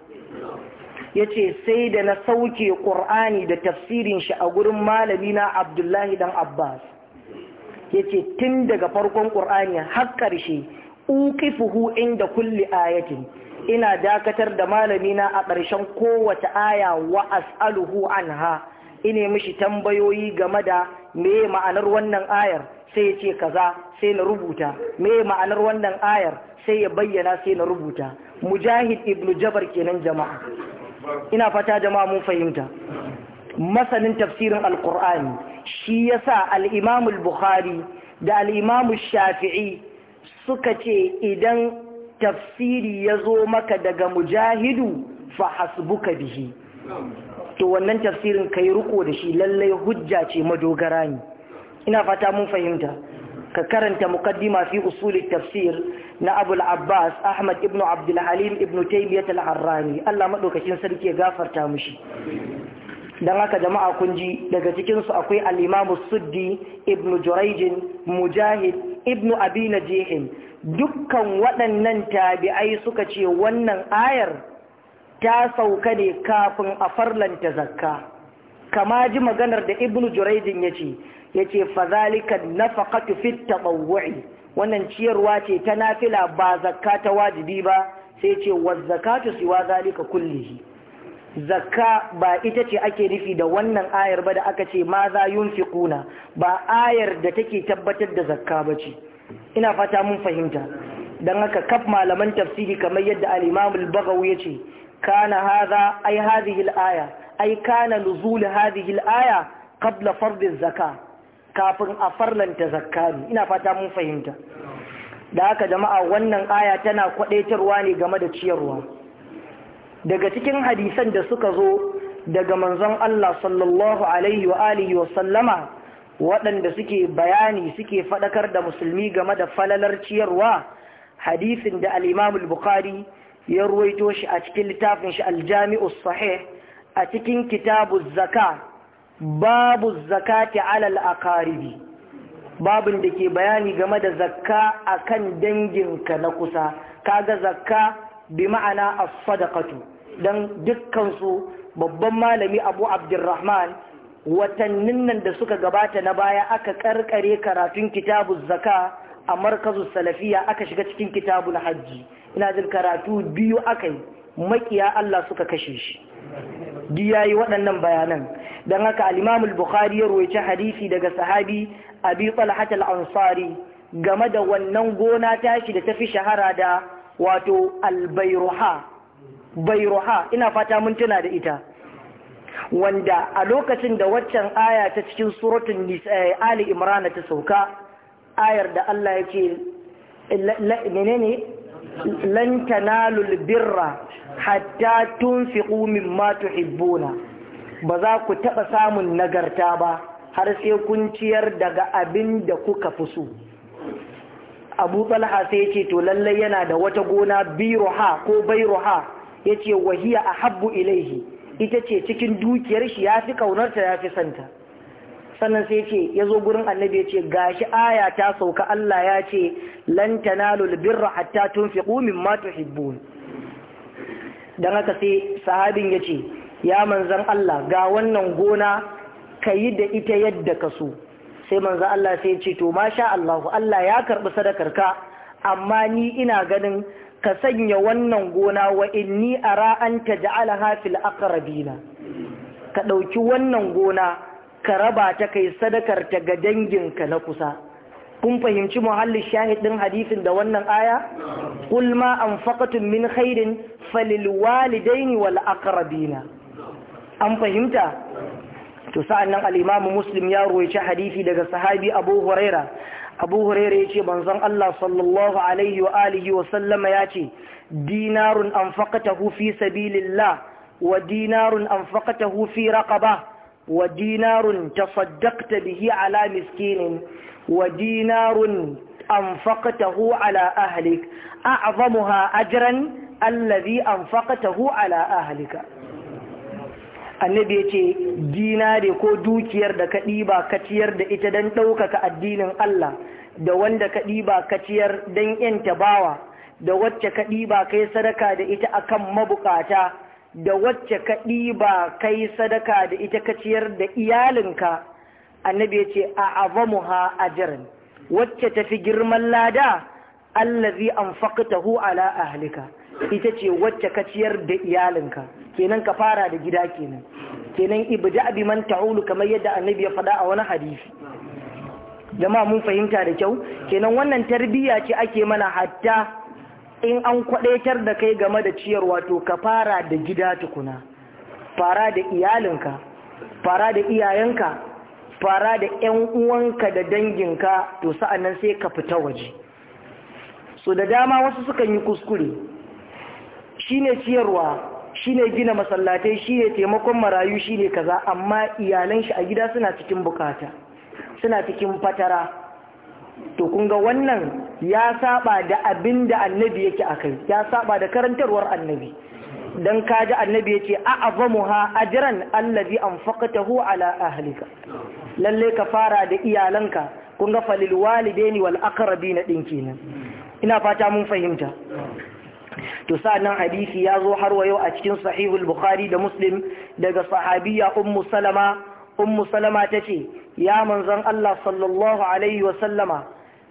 yace sai da na sauke ƙur'ani da tafsirin shi a gurin malami na abdullahi dan abbas yace tun daga farkon ƙur'ani har ƙarshe uqifuhu inda kulli ayatin ina dakatar da malami na a ƙarshen kowace aya wa as'aluhu anha ine mishi tambayoyi game da me ma'anar wannan ayar sai ya ce kaza sai na rubuta me ma'anar wannan ayar sai ya bayyana sai na rubuta mujahid ibnu jabar kenan jama'a ina fata jama'a mun fahimta masanin tafsirin alkur'ani shi yasa al-imam bukhari da Al'imamul shafi'i suka ce idan tafsiri ya zo maka daga mujahidu fa hasbuka bihi to wannan tafsirin kai ruko da shi lallai hujja ce madogara ne ina fata mun fahimta ka karanta muqaddima fi usulit tafsir na abul abbas ahmad ibn abdulhalim ibn taimiyat al-harrani allah maɗaukacin sarki ya gafarta mushi dan haka jama'a kun ji daga cikinsu akwai al'imamu suddi ibn juraijin mujahid ibn abi najihin dukkan waɗannan tabi'ai suka ce wannan ayar ta sauka ne kafin a farlanta zakka kama ji maganar da ibn juraijin ya ce fa ce fazalika fit taɓawwa'i wannan ciyarwa ce ta nafila ba zakka ta wajibi ba sai ce wa zakatu siwa zalika kullihi zakka ba ita ce ake nufi da wannan ayar ba da aka ce ma za yunfiquna ba ayar da take tabbatar da zakka ba ce ina fata mun fahimta dan haka kaf malaman tafsiri kamar yadda al-Imam al-Baghawi yace kana hadha ay hadhihi al-aya ay kana nuzul hadhihi al-aya qabla fardh az-zakah kafin a farlanta zakaru ina fata mun fahimta da haka jama'a wannan aya tana kwadaitarwa ne game da ciyarwa daga cikin hadisan da suka zo daga manzon Allah sallallahu alaihi wa alihi wa sallama waɗanda suke bayani suke fadakar da musulmi game da falalar ciyarwa hadisin da al-Imam al-Bukhari ya ruwaito shi a cikin littafin shi al-Jami'us Sahih a cikin kitabuz Zaka babu zakati alal akaribi babin da ke bayani game da zakka akan ka na kusa kaga zakka bi ma'ana as-sadaqatu dan dukkan su babban malami Abu Abdurrahman watannin nan da suka gabata na baya aka karkare karatun kitabu zakka a markazu salafiya aka shiga cikin kitabun hajji ina jin karatu biyu akai makiya Allah suka kashe shi duk yayi waɗannan bayanan don haka Alimamul bukhari ya ruwaye hadisi daga sahabi Abi Talha al-Ansari game da wannan gona tashi da tafi shahara da wato albairuha bairuha ina fata mintuna da ita wanda a lokacin da waccan aya ta cikin suratun Nisa eh, Ali imrana ta sauka ayar da Allah yake menene lan tanalu birra hatta tunfiqu mimma tuhibbuna ba za ku taba samun nagarta ba har sai kun ciyar daga abin da kuka fi so Abu Talha sai yace to lalle yana da wata gona biruha ko bairuha yace wahiya ahabbu ilaihi ita ce cikin dukiyar shi yafi kaunarta yafi santa sannan sai ce ya zo gurin annabi ya ce gashi aya ta sauka Allah ya ce lan tanalu albirra hatta tunfiqu mimma tuhibbun dan haka sai sahabin ya ce ya manzan Allah ga wannan gona kayi da ita yadda ka so sai manzan Allah sai ya ce to masha Allah Allah ya karbi sadakar ka amma ni ina ganin ka sanya wannan gona wa inni ara an taj'alaha fil aqrabina ka dauki wannan gona ka raba ta kai sadakar ta ga danginka na kusa kun fahimci muhallin shahidin hadisin da wannan aya kul ma anfaqatum min khairin falil walidaini wal aqrabina an fahimta to sa'annan al-imamu muslim ya ruwaici hadisi daga sahabi abu huraira abu huraira yace manzon Allah sallallahu alaihi wa alihi wa sallama yace dinarun anfaqatahu fi sabilillah wa dinarun anfaqatahu fi raqabah wa dinarun tasaddaqta bihi ala miskinin wa dinarun anfaqtahu ala ahlik a'zamuha ajran allazi anfaqtahu ala ahlika annabi ya ce dinare ko dukiyar da ka ɗiba ka da ita don ɗaukaka addinin Allah da wanda ka ɗiba ka ciyar don yanta bawa da wacce ka ɗiba kai sadaka da ita akan mabukata da wacce ka ɗiba kai sadaka da ita ka ciyar da iyalinka annabi ya ce a a jiran. wacce tafi girman lada allazi anfaqtahu ala ahlika ita ce wacce ka ciyar da iyalinka kenan ka fara da gida kenan kenan ibda bi man ta'ulu kamar yadda annabi ya faɗa a wani hadisi jama'a mun fahimta da kyau kenan wannan tarbiyya ce ake mana hatta in an kwadaitar da kai game da ciyarwa to ka fara da gida tukuna fara da iyalinka fara da iyayenka fara da 'yan uwanka da danginka to sa'annan sai ka fita waje so da dama wasu sukan yi kuskure shine ciyarwa shine gina masallatai shine taimakon marayu shine kaza amma iyalan shi a gida suna cikin bukata suna cikin fatara to kun ga wannan ya saba da abin da annabi yake a kai. ya saba da karantarwar annabi dan ka kaji annabi yake a yace ha ajran allazi anfaqtahu ala ahlika lalle ka fara da iyalanka kun ga falil walidaini wal aqrabin din kenan ina fata mun fahimta to sa'annan hadisi ya zo har wa wayo a cikin sahihul bukhari da muslim daga sahabiya ummu salama ummu salama ta ce ya manzon Allah sallallahu alaihi wasallama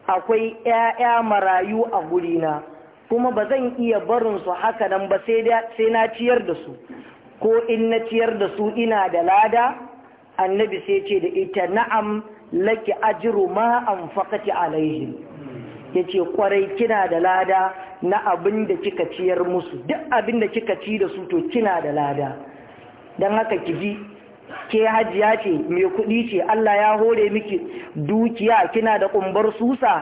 akwai ‘ya'ya marayu a gurina kuma ba zan iya barinsu haka nan ba sai na ciyar da su ko in na ciyar da su ina da lada annabi sai ce da ita na'am laki ajiru ma an fakati alaihim ya ce kwarai kina da lada na abin da kika ciyar musu duk abin da kika ci da su to kina da lada don haka ki ji ke hajiya ce mai kuɗi ce Allah ya hore miki dukiya kina da kumbar susa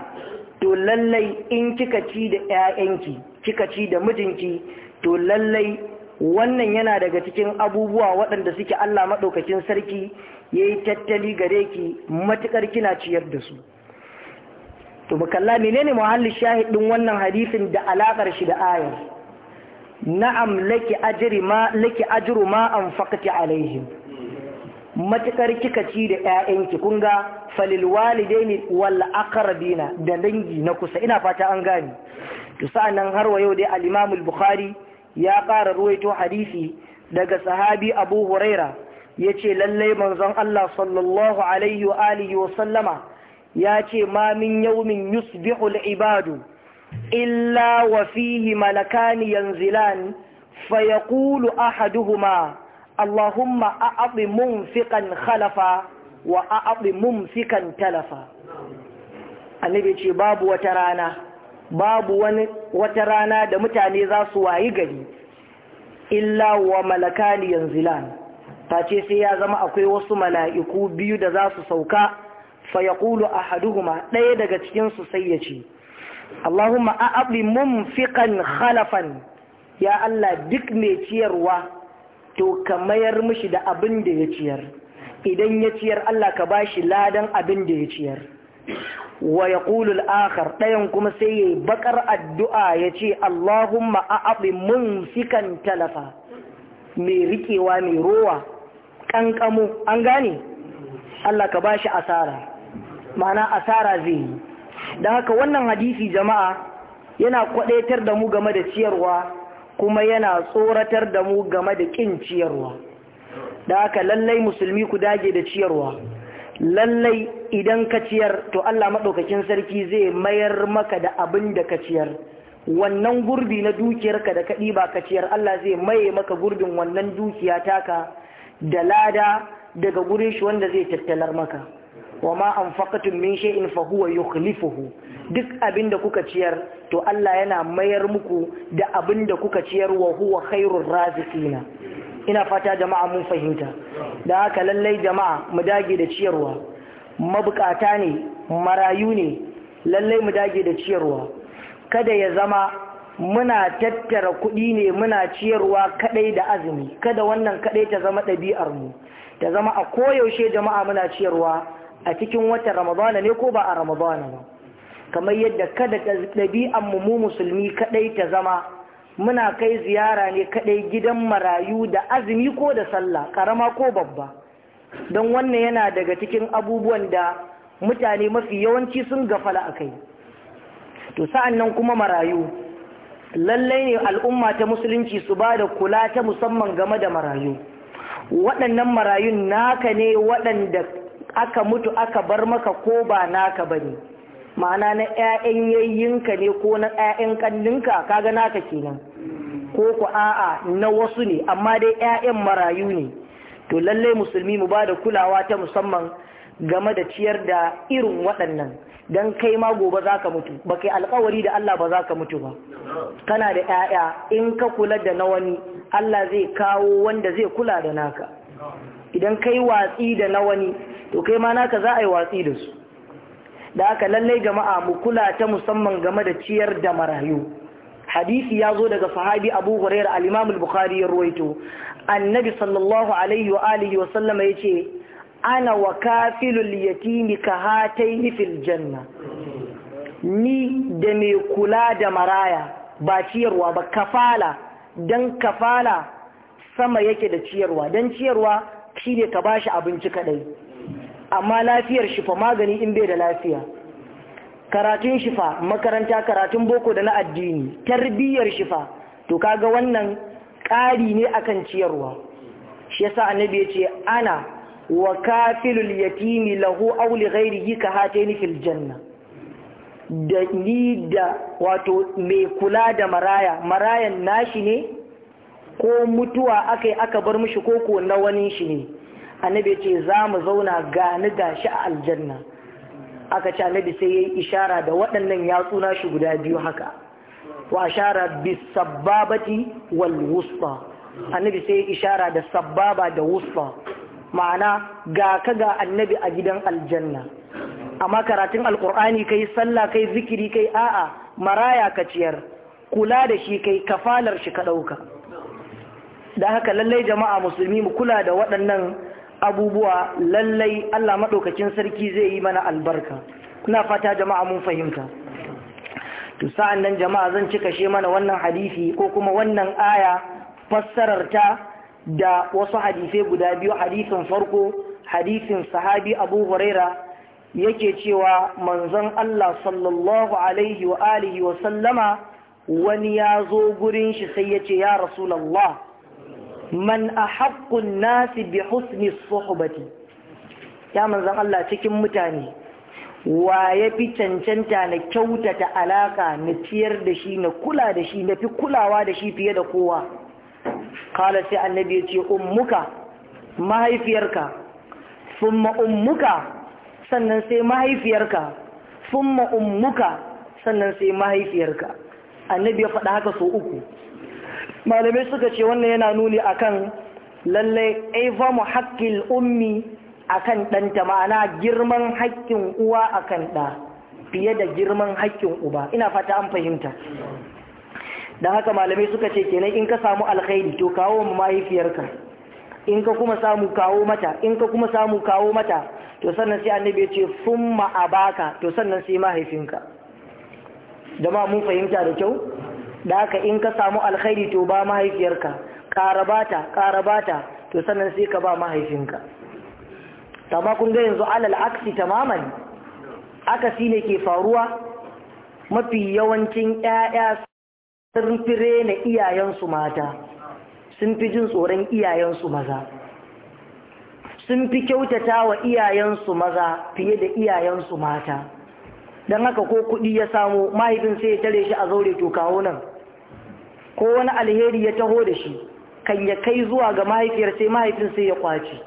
to lallai in kika ci da ƴaƴanki kika ci da mijinki to lallai wannan yana daga cikin abubuwa waɗanda suke Allah maɗaukakin sarki ya yi tattali gare ki matuƙar kina ciyar da su to mukalla menene muhalli shahidin wannan hadisin da alaƙar shi da ayar na'am laki ajiru ma laki ajru ma alaihim matukar kika ci da ƴaƴanki kun ga falil walidaini wal aqrabina da dangi na kusa ina fata an gane to sa'annan har wa yau dai al-Imam al-Bukhari ya ƙara ruwaito hadisi daga sahabi Abu Huraira yace lalle manzon Allah sallallahu alaihi wa alihi wa sallama yace ma min yawmin yusbihu al-ibadu illa wa fihi malakani yanzilan fayaqulu ahaduhuma Allahumma a'abi mumfiqan khalafa wa a'abi mumfikan talafa annabi ce babu wata rana babu wata rana da mutane za su wayi gari illa wa malakani yanzilan face sai ya zama akwai wasu mala'iku biyu da za su sauka fa yaqulu ahaduhuma ɗaya daga cikin su sai yace. ce Allahumma a'abi mumfiqan khalafan ya Allah duk mai ciyarwa to ka mayar mishi da abin da ya ciyar idan ya ciyar Allah ka bashi ladan abin da ya ciyar wa ya al-akhar ɗayan kuma sai yayi baƙar addu'a ya ce Allahumma mun sikan talafa mai rikewa mai rowa ƙanƙamo an gane Allah ka bashi asara ma'ana asara zai yi dan haka wannan hadisi jama'a yana kwaɗaitar da mu game da ciyarwa kuma yana tsoratar da mu game da ƙin ciyarwa da haka lallai musulmi ku dage da ciyarwa lallai idan ka ciyar to Allah maɗaukakin sarki zai mayar maka da abin da ka ciyar wannan gurbi na dukiyarka da kaɗi ba ka ciyar Allah zai maye maka gurbin wannan dukiya taka da lada daga gurin shi wanda zai tattalar maka wa ma anfaqatum min shay'in fa huwa yukhlifuhu duk abin da kuka ciyar to Allah yana mayar muku da abin da kuka ciyar wa huwa khairur raziqina ina fata jama'a mun fahimta da haka lallai jama'a mu dage da ciyarwa mabukata ne marayu ne lallai mu dage da ciyarwa kada ya zama muna tattara kuɗi ne muna ciyarwa kadai da azumi kada wannan kadai ta zama ɗabi'ar mu ta zama a koyaushe jama'a muna ciyarwa a cikin watan ramadana ne ko ba a ramadana ba kamar yadda kada ɗabi'an mu musulmi kaɗai ta zama muna kai ziyara ne kaɗai gidan marayu da azumi ko da sallah ƙarama ko babba don wannan yana daga cikin abubuwan da mutane mafi yawanci sun gafala a kai to sa'an nan kuma marayu lallai ne al'umma ta musulunci su ba da kula ta musamman game da marayu waɗannan marayun naka ne waɗanda aka mutu aka bar maka ko ba naka ba ne ma'ana na 'ya'yan yayyinka ne ko na 'ya'yan kanninka kaga naka kenan ko ku a'a na wasu ne amma dai 'ya'yan marayu ne to lallai musulmi mu ba da kulawa ta musamman game da ciyar da irin waɗannan don kai ma gobe za ka mutu ba kai alkawari da Allah ba za ka mutu ba kana da 'ya'ya in ka kula da na wani Allah zai kawo wanda zai kula da naka idan kai watsi da na wani to kai ma naka za a yi watsi da su da aka lallai jama'a mu kula ta musamman game da ciyar da marayu hadisi ya zo daga sahabi abu hurairah al-imam bukhari ya ruwaito annabi sallallahu alaihi wa alihi wa sallama yace ana wa kafilul yatimi ka hataini fil janna ni da mai kula da maraya ba ciyarwa ba kafala dan kafala sama yake da ciyarwa dan ciyarwa shi ne ka bashi abinci kadai amma lafiyar shi magani in bai da lafiya karatun shi makaranta karatun boko da na addini tarbiyyar shi fa to kaga wannan ƙari ne akan ciyarwa shi yasa annabi ce ana wa kafilul yatimi lahu aw li ghayrihi ka hataini fil janna da ni da wato mai kula da maraya marayan nashi ne ko mutuwa akai aka bar mishi koko na wani shi ne annabi ce za mu zauna gani gashi a aljanna aka ce annabi sai ya yi ishara da waɗannan yatsu na shi guda biyu haka wa ashara bi sababati wal wusta annabi sai ya ishara da sababa da wusta ma'ana ga ka ga annabi a gidan aljanna amma karatun alkur'ani kai sallah kai zikiri kai a'a maraya ka ciyar kula da shi kai kafalar shi ka ɗauka da haka lallai jama'a musulmi mu kula da waɗannan abubuwa lallai Allah maɗaukacin sarki zai yi mana albarka ina fata jama'a mun fahimta to sa'an nan jama'a zan cika she mana wannan hadisi ko kuma wannan aya fassarar ta da wasu hadisai guda biyu hadisin farko hadisin sahabi Abu Huraira yake cewa manzon Allah sallallahu alaihi wa alihi wa sallama wani ya zo gurin shi sai ya ce ya rasulallah man ahaqqun nasi bi husni suhbati ya manzon Allah cikin mutane wa ya fi cancanta na kyautata alaka na ciyar da shi na kula da shi na fi kulawa da shi fiye da kowa kala sai annabi ya ce ummuka mahaifiyarka summa ummuka sannan sai mahaifiyarka summa ummuka sannan sai mahaifiyarka annabi ya faɗa haka so uku malamai suka ce wannan yana nuni akan lalle mu haƙƙin ummi akan ɗanta ma'ana girman haƙƙin uwa akan ɗa fiye da girman haƙƙin uba ina fata an fahimta don haka malamai suka ce kenan in ka samu alkhairi to kawo mu mahaifiyarka in ka kuma samu kawo mata in ka kuma samu kawo mata to sannan sai annabi ce summa abaka to sannan sai mahaifinka ma mun fahimta da kyau da haka in ka samu alkhairi to ba mahaifiyarka ƙarabata ƙarabata to sannan sai ka ba mahaifinka amma kun ga yanzu alal aksi tamaman akasi ne ke faruwa mafi yawancin ƴaƴa sun fi rena iyayensu mata sun fi jin tsoron iyayensu maza sun fi kyautata wa iyayensu maza fiye da iyayensu mata don haka ko kuɗi ya samu mahaifin sai ya tare shi a zaure to kawo nan ko wani alheri ya taho da shi kan ya kai zuwa ga mahaifiyar sai mahaifin sai ya kwaci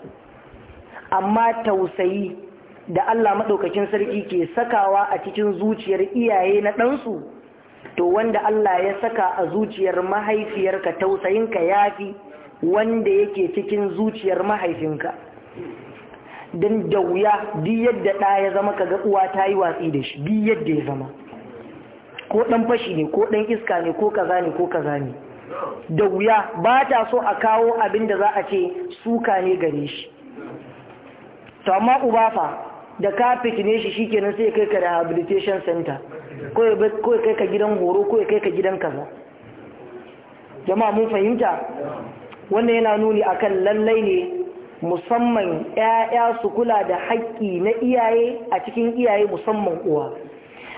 amma tausayi da Allah Maɗaukacin sarki ke sakawa a cikin zuciyar iyaye na ɗansu to wanda Allah ya saka a zuciyar mahaifiyarka tausayinka ya fi wanda yake cikin zuciyar mahaifinka don da wuya duk yadda ɗa ya zama kaga uwa ta yi watsi da shi duk yadda ya zama ko ɗan fashi ne ko ɗan iska ne ko kaza ne ko kaza ne da wuya ba ta so a kawo abin da za a ce suka ne gare shi to amma uba fa da ka fitine shi shikenan sai kai ka rehabilitation center ko ya kai ka gidan horo ko ya kai ka gidan kaza jama'a mun fahimta wannan yana nuni akan lallai ne musamman ‘ya'ya su kula da haƙƙi na iyaye a cikin iyaye musamman uwa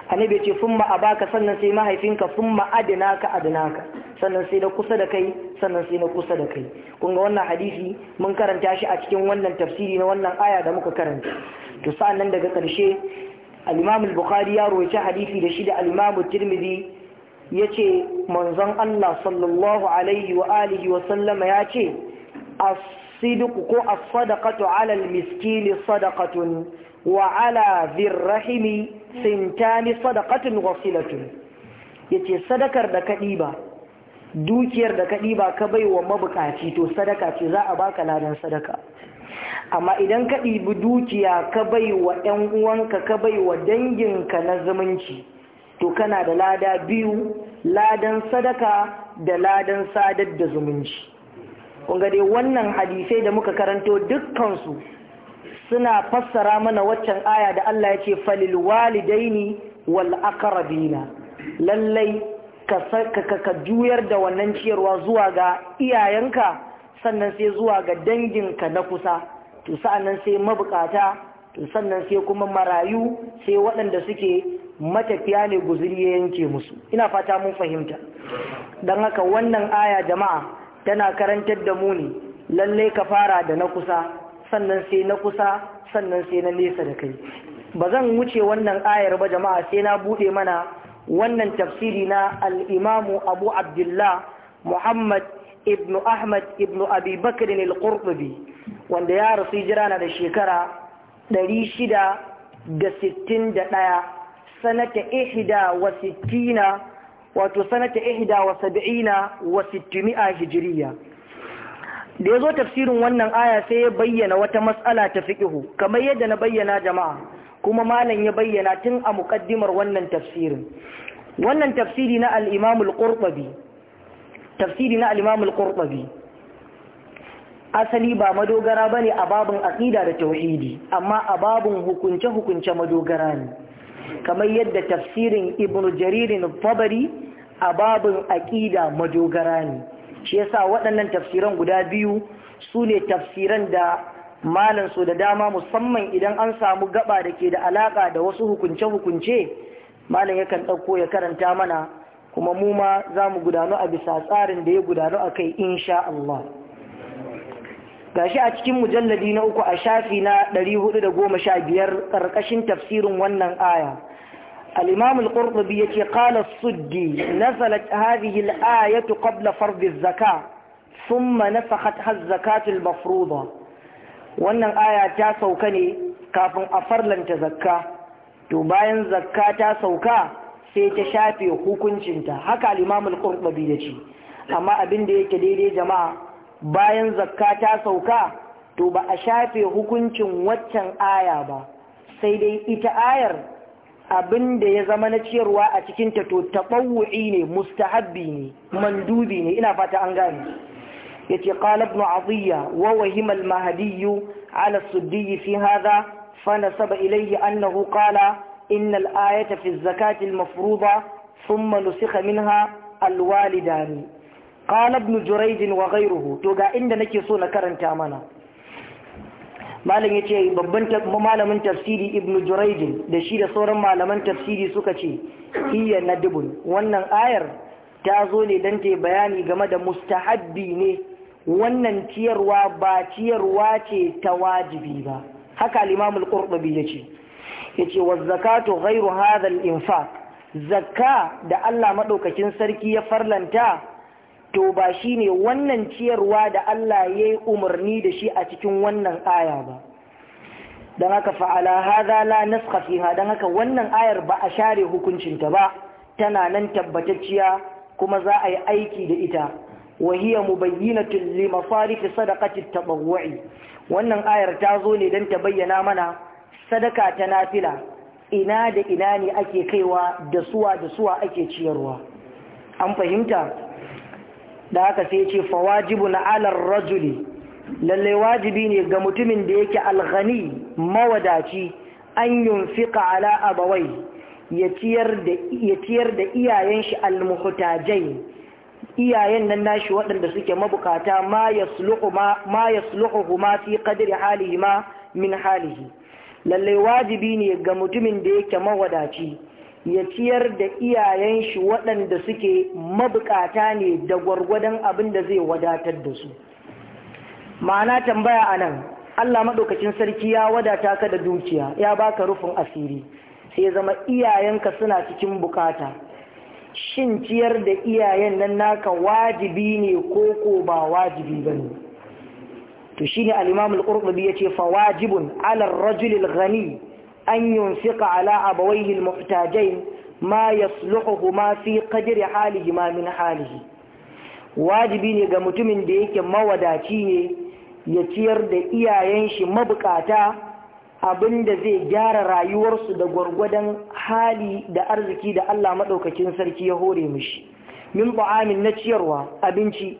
annabi ce sun ma'abaka sannan sai mahaifinka sun ma'adinaka adinaka sannan sai na kusa da kai sannan sai na kusa da kai kunga wannan hadisi mun karanta shi a cikin wannan tafsiri na wannan aya da muka karanta to sa'an nan daga ƙarshe al-imam al-bukhari ya rawaita hadisi da shi da al-imam tirmidhi yace manzon Allah sallallahu alaihi wa alihi wa sallama yace as ko as-sadaqatu ala al-miskini sadaqatun wa ala dhir rahimi sintani sadaqatun وصلة yace sadakar da ka ɗiba dukiyar da ka ka baiwa mabukaci to sadaka ce za a baka ladan sadaka amma idan ka ɗibi dukiya ka baiwa wa ‘yan uwanka ka bai wa danginka na zumunci to kana da lada biyu ladan sadaka da ladan sadar da zumunci kunga dai wannan hadisai da muka karanto dukkansu suna fassara mana waccan aya da Allah ya ce falil walidaini wal aqrabina lallai ka juyar da wannan ciyarwa zuwa ga iyayenka sannan sai zuwa ga danginka na kusa to sa'annan sai mabukata to sannan sai kuma marayu sai waɗanda suke matafiya ne guzuri ya yanke musu ina fata mun fahimta dan haka wannan aya jama'a tana karantar da mu ne lalle ka fara da na kusa sannan sai na kusa sannan sai na nesa da kai ba zan wuce wannan ayar ba jama'a sai na bude mana wannan tafsiri na al-imamu abu abdullah muhammad ibnu ahmad ibnu abi bakr al wanda ya rasu jira na da shekara 661 sanata ihda wa sittina wato sanata ihda wa sab'ina wa sittimi'a hijiriya da ya zo tafsirin wannan aya sai ya bayyana wata matsala ta fiƙihu kamar yadda na bayyana jama'a kuma malam ya bayyana tun a muƙaddimar wannan tafsirin wannan tafsiri na al'imamul ƙurɓabi tafsiri na al'imamul ƙurɓabi asali ba madogara ba ne a babin aƙida da tauhidi amma a babin hukunce-hukunce madogara ne kamar yadda tafsirin ibn jaririn fabari a babin aƙida madogara ne shi yasa waɗannan tafsiran guda biyu su ne tafsiran da malam su da dama musamman idan an samu gaba da ke da alaƙa da wasu hukunce-hukunce malam yakan ɗauko ya karanta mana kuma mu ma za mu gudanu a bisa tsarin da ya gudanu a kai insha Allah gashi a cikin mujalladi na uku a shafi na 415 ƙarƙashin tafsirin wannan aya الإمام القرطبي قال الصدي نزلت هذه الآية قبل فرض الزكاة ثم نفختها الزكاة المفروضة وأن الآية تاسوك كاف أفرلا تزكى تباين زكاة تاسوك سيتشافي حكنشنت هكا الإمام القرطبي يتي أما أبن دي كديدي جماعة bayan zakka ta sauka to ba a shafe hukuncin waccan aya ba sai dai ita ayar abin da ya zama na ciyarwa a cikin ta to tabawu'i ne mustahabbi ne mandubi ne ina fata an gane yace qala ibn aziya wa wahimal mahadiyu ala as fi haza fa nasaba ilayhi annahu qala innal ayata fi az-zakati al thumma nusikha minha al-walidani qala ibn wa ghayruhu to ga inda nake so na karanta mana malam yace babban malamin tafsiri ibnu jurayd da shi da sauran malaman tafsiri suka ce hiya nadbun wannan ayar ta zo ne dan ta bayani game da mustahabbi ne wannan ciyarwa ba ciyarwa ce ta wajibi ba haka al-imam al-qurtubi yace yace wa zakatu ghayru hadha al-infaq zakka da Allah madaukakin sarki ya farlanta to ba shi ne wannan ciyarwa da Allah ya yi umarni da shi a cikin wannan aya ba don haka fa'ala haza la naska fiha don haka wannan ayar ba a share hukuncinta ba tana nan tabbatacciya kuma za a yi aiki da ita mu bayyana وهي مبينة لمصارف صدقة التطوع wannan ayar ta zo ne don ta bayyana mana sadaka ta nafila ina da ina ne ake kaiwa da suwa da suwa ake ciyarwa an fahimta da haka sai ce fawajibu na alar rajuli lalle wajibi ne ga mutumin da yake alghani mawadaci an yunfiqa ala abawai ya ciyar da iyayen shi almuhutajai iyayen nan nashi waɗanda suke mabukata ma ya ma kuma ma fi qadri halihi ma min halihi lalle wajibi ne ga mutumin da yake mawadaci ya ciyar da iyayen shi waɗanda suke mabukata ne da gwargwadon abin da zai wadatar da su ma'ana tambaya a nan allah maɗaukacin sarki ya wadata ka da dukiya ya baka rufin asiri sai zama iyayenka suna cikin bukata shin ciyar da iyayen nan naka wajibi ne ko ko ba wajibi ba ne to shi ne alimamul al ya ce fa wajibin alar rajulil gani? ghani an yunfiqa ala abawaihi almuhtajain ma yasluhuhuma fi qadri halihima min halihi wajibi ne ga mutumin da yake mawadaci ne ya ciyar da iyayen shi mabukata abinda zai gyara rayuwarsu da gwargwadon hali da arziki da Allah madaukakin sarki ya hore mishi min ba'amin na ciyarwa abinci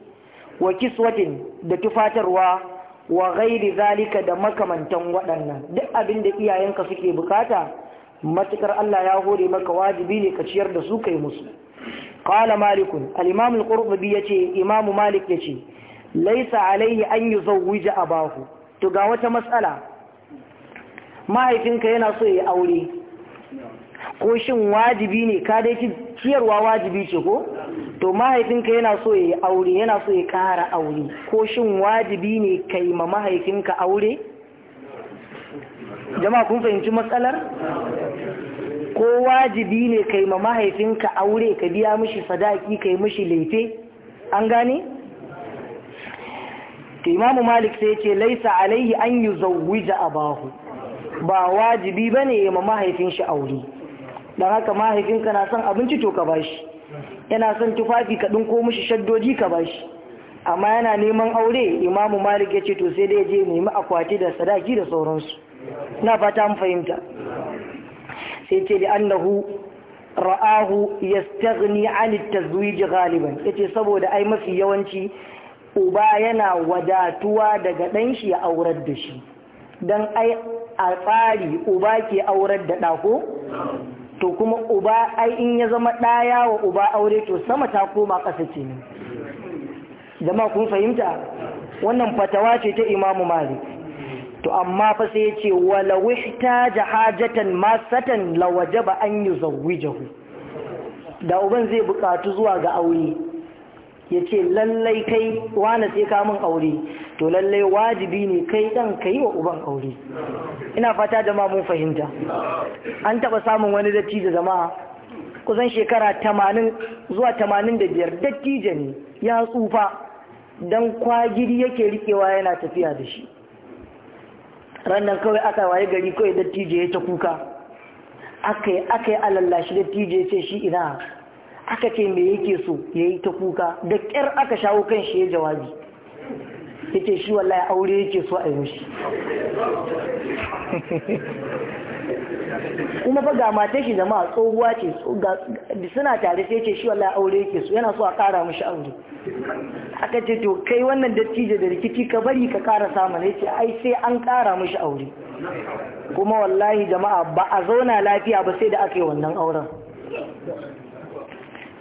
wa kiswatin da tufatarwa wa gairi zalika da makamantan waɗannan duk abin da iyayenka suke bukata matukar Allah ya hore maka wajibi ne ka ciyar da su kai musu qala malikun al-imam al-qurtubi yace imam malik yace Laisa, alaihi an yuzawwija abahu to ga wata matsala? mahaifinka yana so ya yi aure ko shin wajibi ne ka dai ciyarwa wajibi ce ko to mahaifinka yana so ya aure yana so ya kara aure ko shin wajibi ne kai ma mahaifinka aure jama'a kun fahimci matsalar ko wajibi ne kai ma mahaifinka aure ka biya mishi sadaki kai mishi laife, an gane imamu malik sai ce laisa alaihi an yi zawwija abahu ba wajibi ba ne bane ma mahaifin shi aure don haka mahaifinka na son abinci to ka bashi yana son tufafi ka ɗinko mishi shaddoji ka bashi amma yana neman aure imamu malik ya ce to sai dai je nemi akwati da sadaki da sauransu na fata mu fahimta sai ce da annahu ra'ahu yastaghni 'an at-tazwij ghaliban yace saboda ai mafi yawanci uba yana wadatuwa daga ɗan shi ya aurar da shi dan ai a tsari uba ke aurar da ko. to kuma uba ai in ya zama ɗaya wa uba aure to sama ta koma ƙasa ce ne jama kun fahimta wannan fatawa ce ta imamu malik to amma fa sai ya ce wala wihta jahajatan masatan lawajaba an yi yuzawwijahu da uban zai bukatu zuwa ga aure ya ce lallai kai wane sai ka min aure to lallai wajibi ne kai ɗan kai wa uban aure ina fata da ma mun fahimta an taɓa samun wani datti da zama. kusan shekara tamanin zuwa tamanin da biyar dattijo ne ya tsufa don kwagiri yake rikewa yana tafiya da shi rannan kawai aka waye gari kawai dattijo ya ta kuka aka yi alallashi dattijo ya ce shi ina aka ce me yake so ya yi ta kuka da ƙyar aka shawo kan shi ya jawabi ya ce shi wallahi aure yake so a yi mishi kuma fa ga mata shi a tsohuwa ce suna tare sai ce shi wallahi aure yake so yana so a ƙara mashi aure aka ce to kai wannan dattijo da rikici ka bari ka ƙara samu ya ce ai sai an ƙara mashi aure kuma wallahi jama'a ba a zauna lafiya ba sai da aka yi wannan auren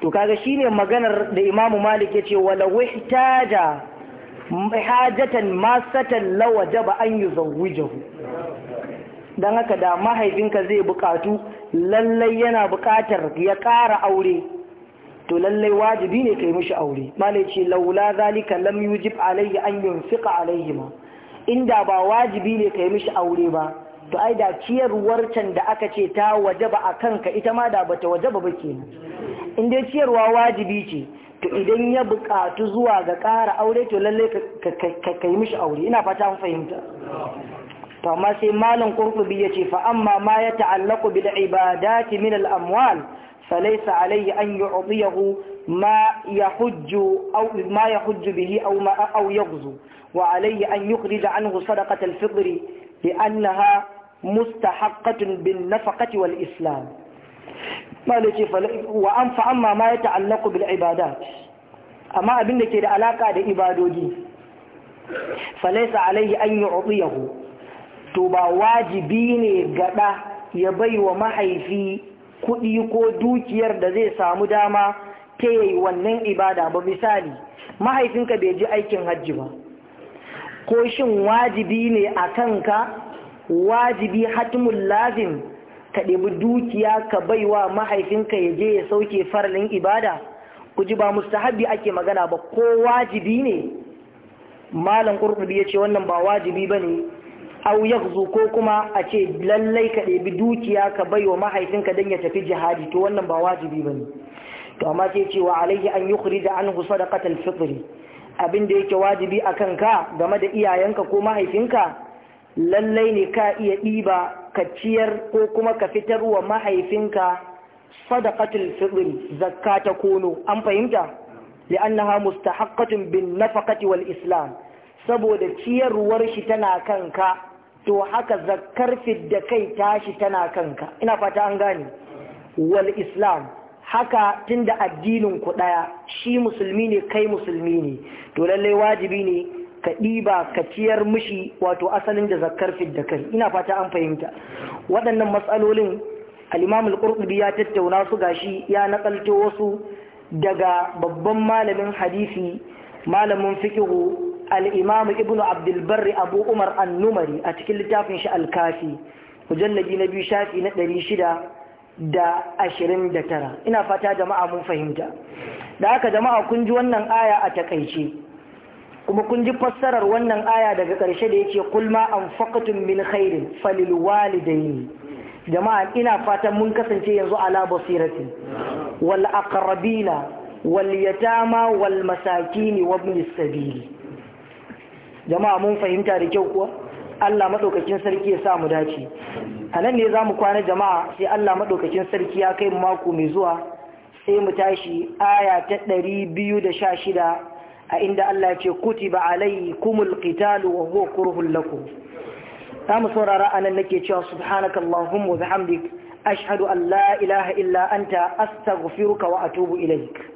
to kaga shine maganar da imamu malik yace wala wihtaja hajatan masatan lawajaba an yuzawwijahu dan haka da mahaifinka zai bukatu lallai yana bukatar ya ƙara aure to lallai wajibi ne kai mishi aure malai ce laula zalika lam yujib alayhi an yunfiqa ma inda ba wajibi ne kai mishi aure ba to ai da ciyarwar can da aka ce ta wajaba a kanka, ita ma da bata wajaba ba kenan in dai ciyarwa wajibi ce to idan ya bukatu zuwa ga ƙara aure to lalle ka yi mishi aure ina fata mun fahimta to amma sai malam qurtubi yace fa amma ma ya ta'allaqu bil ibadati min al amwal falaysa alayhi an yu'tiyahu ma yahujju aw ma yahujju bihi aw ma aw yaghzu wa alayhi an yukhrij anhu sadaqat al fitr li annaha mustahaqqatun bin nafaqati wal islam malaki wa an amma ma ya ta'allaku bil ibadat amma abin da ke da alaka da ibadoji falaisa alaihi an yi to ba wajibi ne gada ya bai wa mahaifi kuɗi ko dukiyar da zai samu dama ta yi wannan ibada ba misali mahaifinka bai ji aikin hajji ba ko shin wajibi ne a kanka wajibi hatimun lazim ka ɗebi dukiya ka baiwa mahaifinka ya je ya sauke faralin ibada ku ji ba mustahabi ake magana ba ko wajibi ne malam ƙurɓuɗi ya ce wannan ba wajibi ba ne au ko kuma a ce lallai ka ɗebi dukiya ka baiwa mahaifinka don ya tafi jihadi to wannan ba wajibi ba ne to amma sai ce wa alaihi an yi kuri da an husa da katal fitri abinda yake wajibi a kanka game da iyayenka ko mahaifinka lallai ne ka iya ɗiba ka ciyar ko kuma ka fitar wa mahaifinka sadaqatul fitr zakka ta kono an fahimta li'annaha mustahaqqatun bin nafaqati wal islam saboda ciyarwar shi tana kanka to haka zakkar fidda kai tashi tana kanka ina fata an gane wal islam haka tunda addinin ku daya shi musulmi ne kai musulmi ne to lallai wajibi ne ka ɗiba ka ciyar mishi wato asalin da zakkar da kai ina fata an fahimta waɗannan matsalolin Alimamul imam ya tattauna su gashi ya naƙalto wasu daga babban malamin hadisi malamin fikihu al ibn abdulbarri abu umar an-numari a cikin littafin shi alkafi, kafi na biyu shafi na ɗari shida da ashirin da tara ina fata jama'a mun fahimta da aka jama'a kun ji wannan aya a takaice kuma kun ji fassarar wannan aya daga ƙarshe da yake kulma an faƙatun min khairin falil walidaini jama'a ina fatan mun kasance yanzu ala basiratin wal aqrabina wal yatama wal masakin wa ibn sabil jama'a mun fahimta da kyau kuwa Allah madaukakin sarki ya sa mu dace anan ne zamu kwana jama'a sai Allah madaukakin sarki ya kai mu mako mai zuwa sai mu tashi aya ta 216 a inda Allah ce kutiba alaykumul qitalu wa huwa kurhun lakum ta saurara anan nake cewa subhanaka allahumma wa bihamdik ashhadu an la ilaha illa anta astaghfiruka wa atubu ilaik